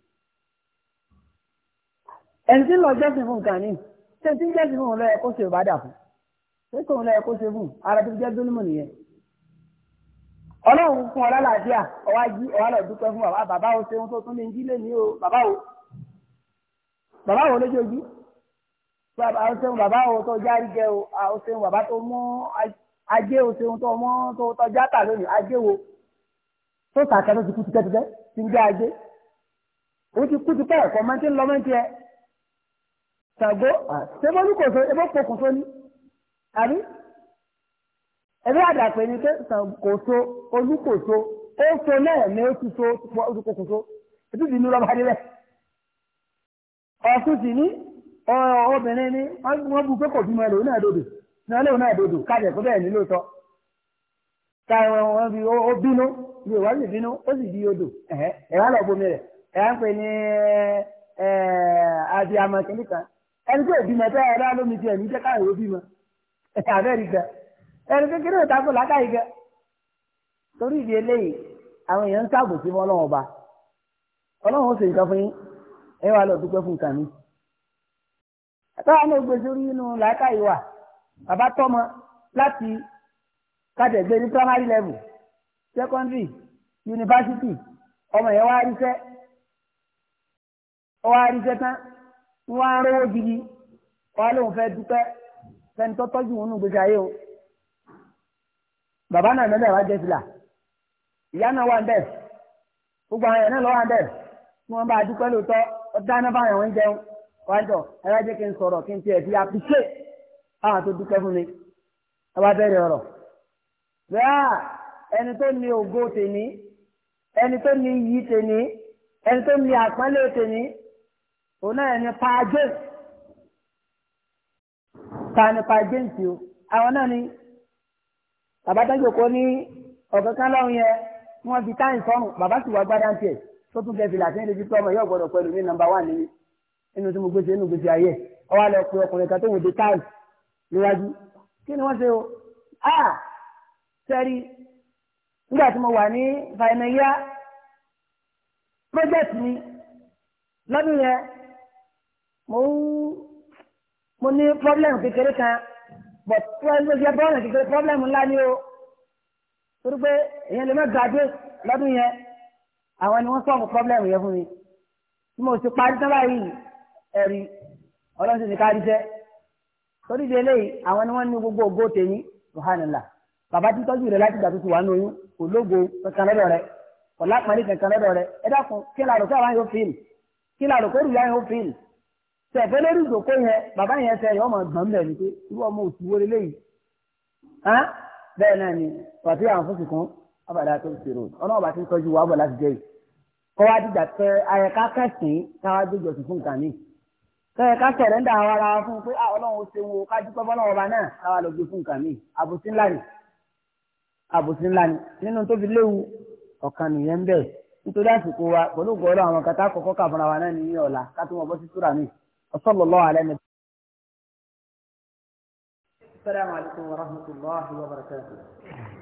ẹni tí ń lọ jẹ́sìn fún nǹkan ní ṣé tí ń jẹ́sìn fún òun lọ́yẹ kó ṣe ìbádà fún ṣé kò ń lọ́yẹ kó ṣe fún ara tó jẹ́ dúlùmù nìyẹn ọlọ́run fún ọlá làáfíà ọwá jí ọwá lọ dúpẹ́ fún bàbá bàbá o ṣe ohun tó tún ní jí lé ní o bàbá o bàbá o lójoojú bàbá o ṣeun bàbá o tó járí jẹ o o ṣeun bàbá tó mọ ajé o ṣeun tó mọ tó tọjá tà lónìí ajé wo tó tàkẹ́ tó ti kú tipẹ́tipẹ́ ti ń jẹ́ ajé o ti kú tipẹ́ ẹ̀kọ́ máa ń lọ mọ́ ń tàgbó ṣébó ní kò so ebó pokùn so ní àbí ẹbí àdàpè ni pé kò so olú kò so ó so náà ní so kò so ètò ìdí ní lọ́ba ọ̀sùn sì ní obìnrin ni bu pé kò bímọ ẹlòmíràn náà dòdò náà lòun náà dòdò bẹ́ẹ̀ wọn fi ó bínú bínú ó sì di odò ẹ̀hẹ́ lọ bomi rẹ̀ ń pè ní ẹni tó ìbímọ tẹ́ ẹ láà lómi tiẹ̀ ní jẹ́ káyọ̀ ó bímọ ẹ̀ka abẹ́rì gẹ ẹni kékeré ò tako làákàyè gẹ torí ìdí eléyìí àwọn èèyàn ń sáàbò sí wọn ọba ọlọ́wọ́n ó ṣe fún yín ẹ wà lọ fún àtàwọn level secondary university ọmọ yẹn wá wọ́n á rówó gidi wọ́n á lóun fẹ́ dúpẹ́ fẹ́ni tó tọ́jú òun nù gbèsè ayé o bàbá náà nẹ́bẹ̀ wá jẹ́ fìlà ìyá náà wà ń bẹ̀ gbogbo àwọn èèyàn náà lọ́wọ́ à ń bẹ̀ tí wọ́n bá a dúpẹ́ lóòótọ́ ó dáná báyọ̀ wọ́n jẹun wọ́n jọ ẹ wá jẹ́ kí n sọ̀rọ̀ kí n tiẹ̀ fi àpìṣe àwọn tó dúpẹ́ fún mi ẹ wá bẹ̀rẹ̀ ọ̀rọ̀ bẹ́ẹ̀ ẹni tó ní ògo tèmi ẹni tó ní iyì tèmi ẹni tó ní àpọ́nlé tèmi ona náà ni pàjẹ́ ta ni pàjẹ́ ǹtí o àwọn náà ni tàbátàjòkó ní ọ̀gá kan lọ́hùn yẹn wọ́n fi táyì sọ́run bàbá sì wá gbádá tiẹ̀ tó tún fẹ́ fi làtí níbi tí ọmọ yóò gbọ́dọ̀ pẹ̀lú ní nọ́mbà wà nínú inú tí mo gbé sí inú gbèsè ayé ọwọ́ àlọ́ pé ọkùnrin kan tó wò dé táyì níwájú kí ni wọ́n ṣe o a sẹ́rí nígbà tí mo wà ní fàìmẹ̀yà project mi lọ́dún yẹn mo ń mo ní pọ́blẹ́mù kékeré kan but pọ́blẹ́mù jẹ́ bọ́ọ̀lù kékeré pọ́blẹ́mù ńlá ni o torí pé èèyàn lè má gbàgbé lọ́dún yẹn àwọn ni wọ́n sọ̀rọ̀ pọ́blẹ́mù yẹn fún mi tí mo ti parí tán báyìí ẹ̀rí ọlọ́run ti ní kárí jẹ́ torí di eléyìí àwọn ni wọ́n ní gbogbo ògbó tèmi subhanallah bàbá tí tọ́jú rẹ̀ láti gbàtútù wà nínú oyún kò lógo kankan lọ́dọ̀ rẹ̀ kò lápàlẹ́ kankan lọ́dọ̀ rẹ̀ ẹ dákun kí làrò kí àwọn yóò fíìl kí làrò kó rù yá yóò fíìl tẹ̀fẹ́ lórí ìjòkó yẹn bàbá yẹn tẹ yọ ọmọ gbọ̀n bẹ̀ ni pé irú ọmọ òtún wọlé léyìí hàn bẹ́ẹ̀ náà ni wàtí àwọn fún sìkún ọbàdà tó ti rò ọ̀nà ọba tí ń tọ́jú wàá bọ̀ láti jẹ́ yìí kọ́ wá dìgbà tẹ ayẹká kẹsìn káwá dójọ sí fún nǹkan míì kẹ́yẹ ká sẹ̀rẹ́ńdà wa ra fún un pé ọlọ́run ó ṣe wo kájú pẹ́ bọ́lọ́run ọba náà káwá lọ gbé fún nǹkan míì àbòsí ńlá ni àbòsí ńlá ni nínú tó fi léwu ọ̀kan nìyẹn ń nítorí àsìkò wa pẹ̀lú ògbọ́rọ̀ àwọn kata kọ̀ọ̀kọ́ kà wa náà ní ọ̀la ká tó wọn bọ́ sí súrà míì وصلى الله على النبي السلام عليكم ورحمة الله وبركاته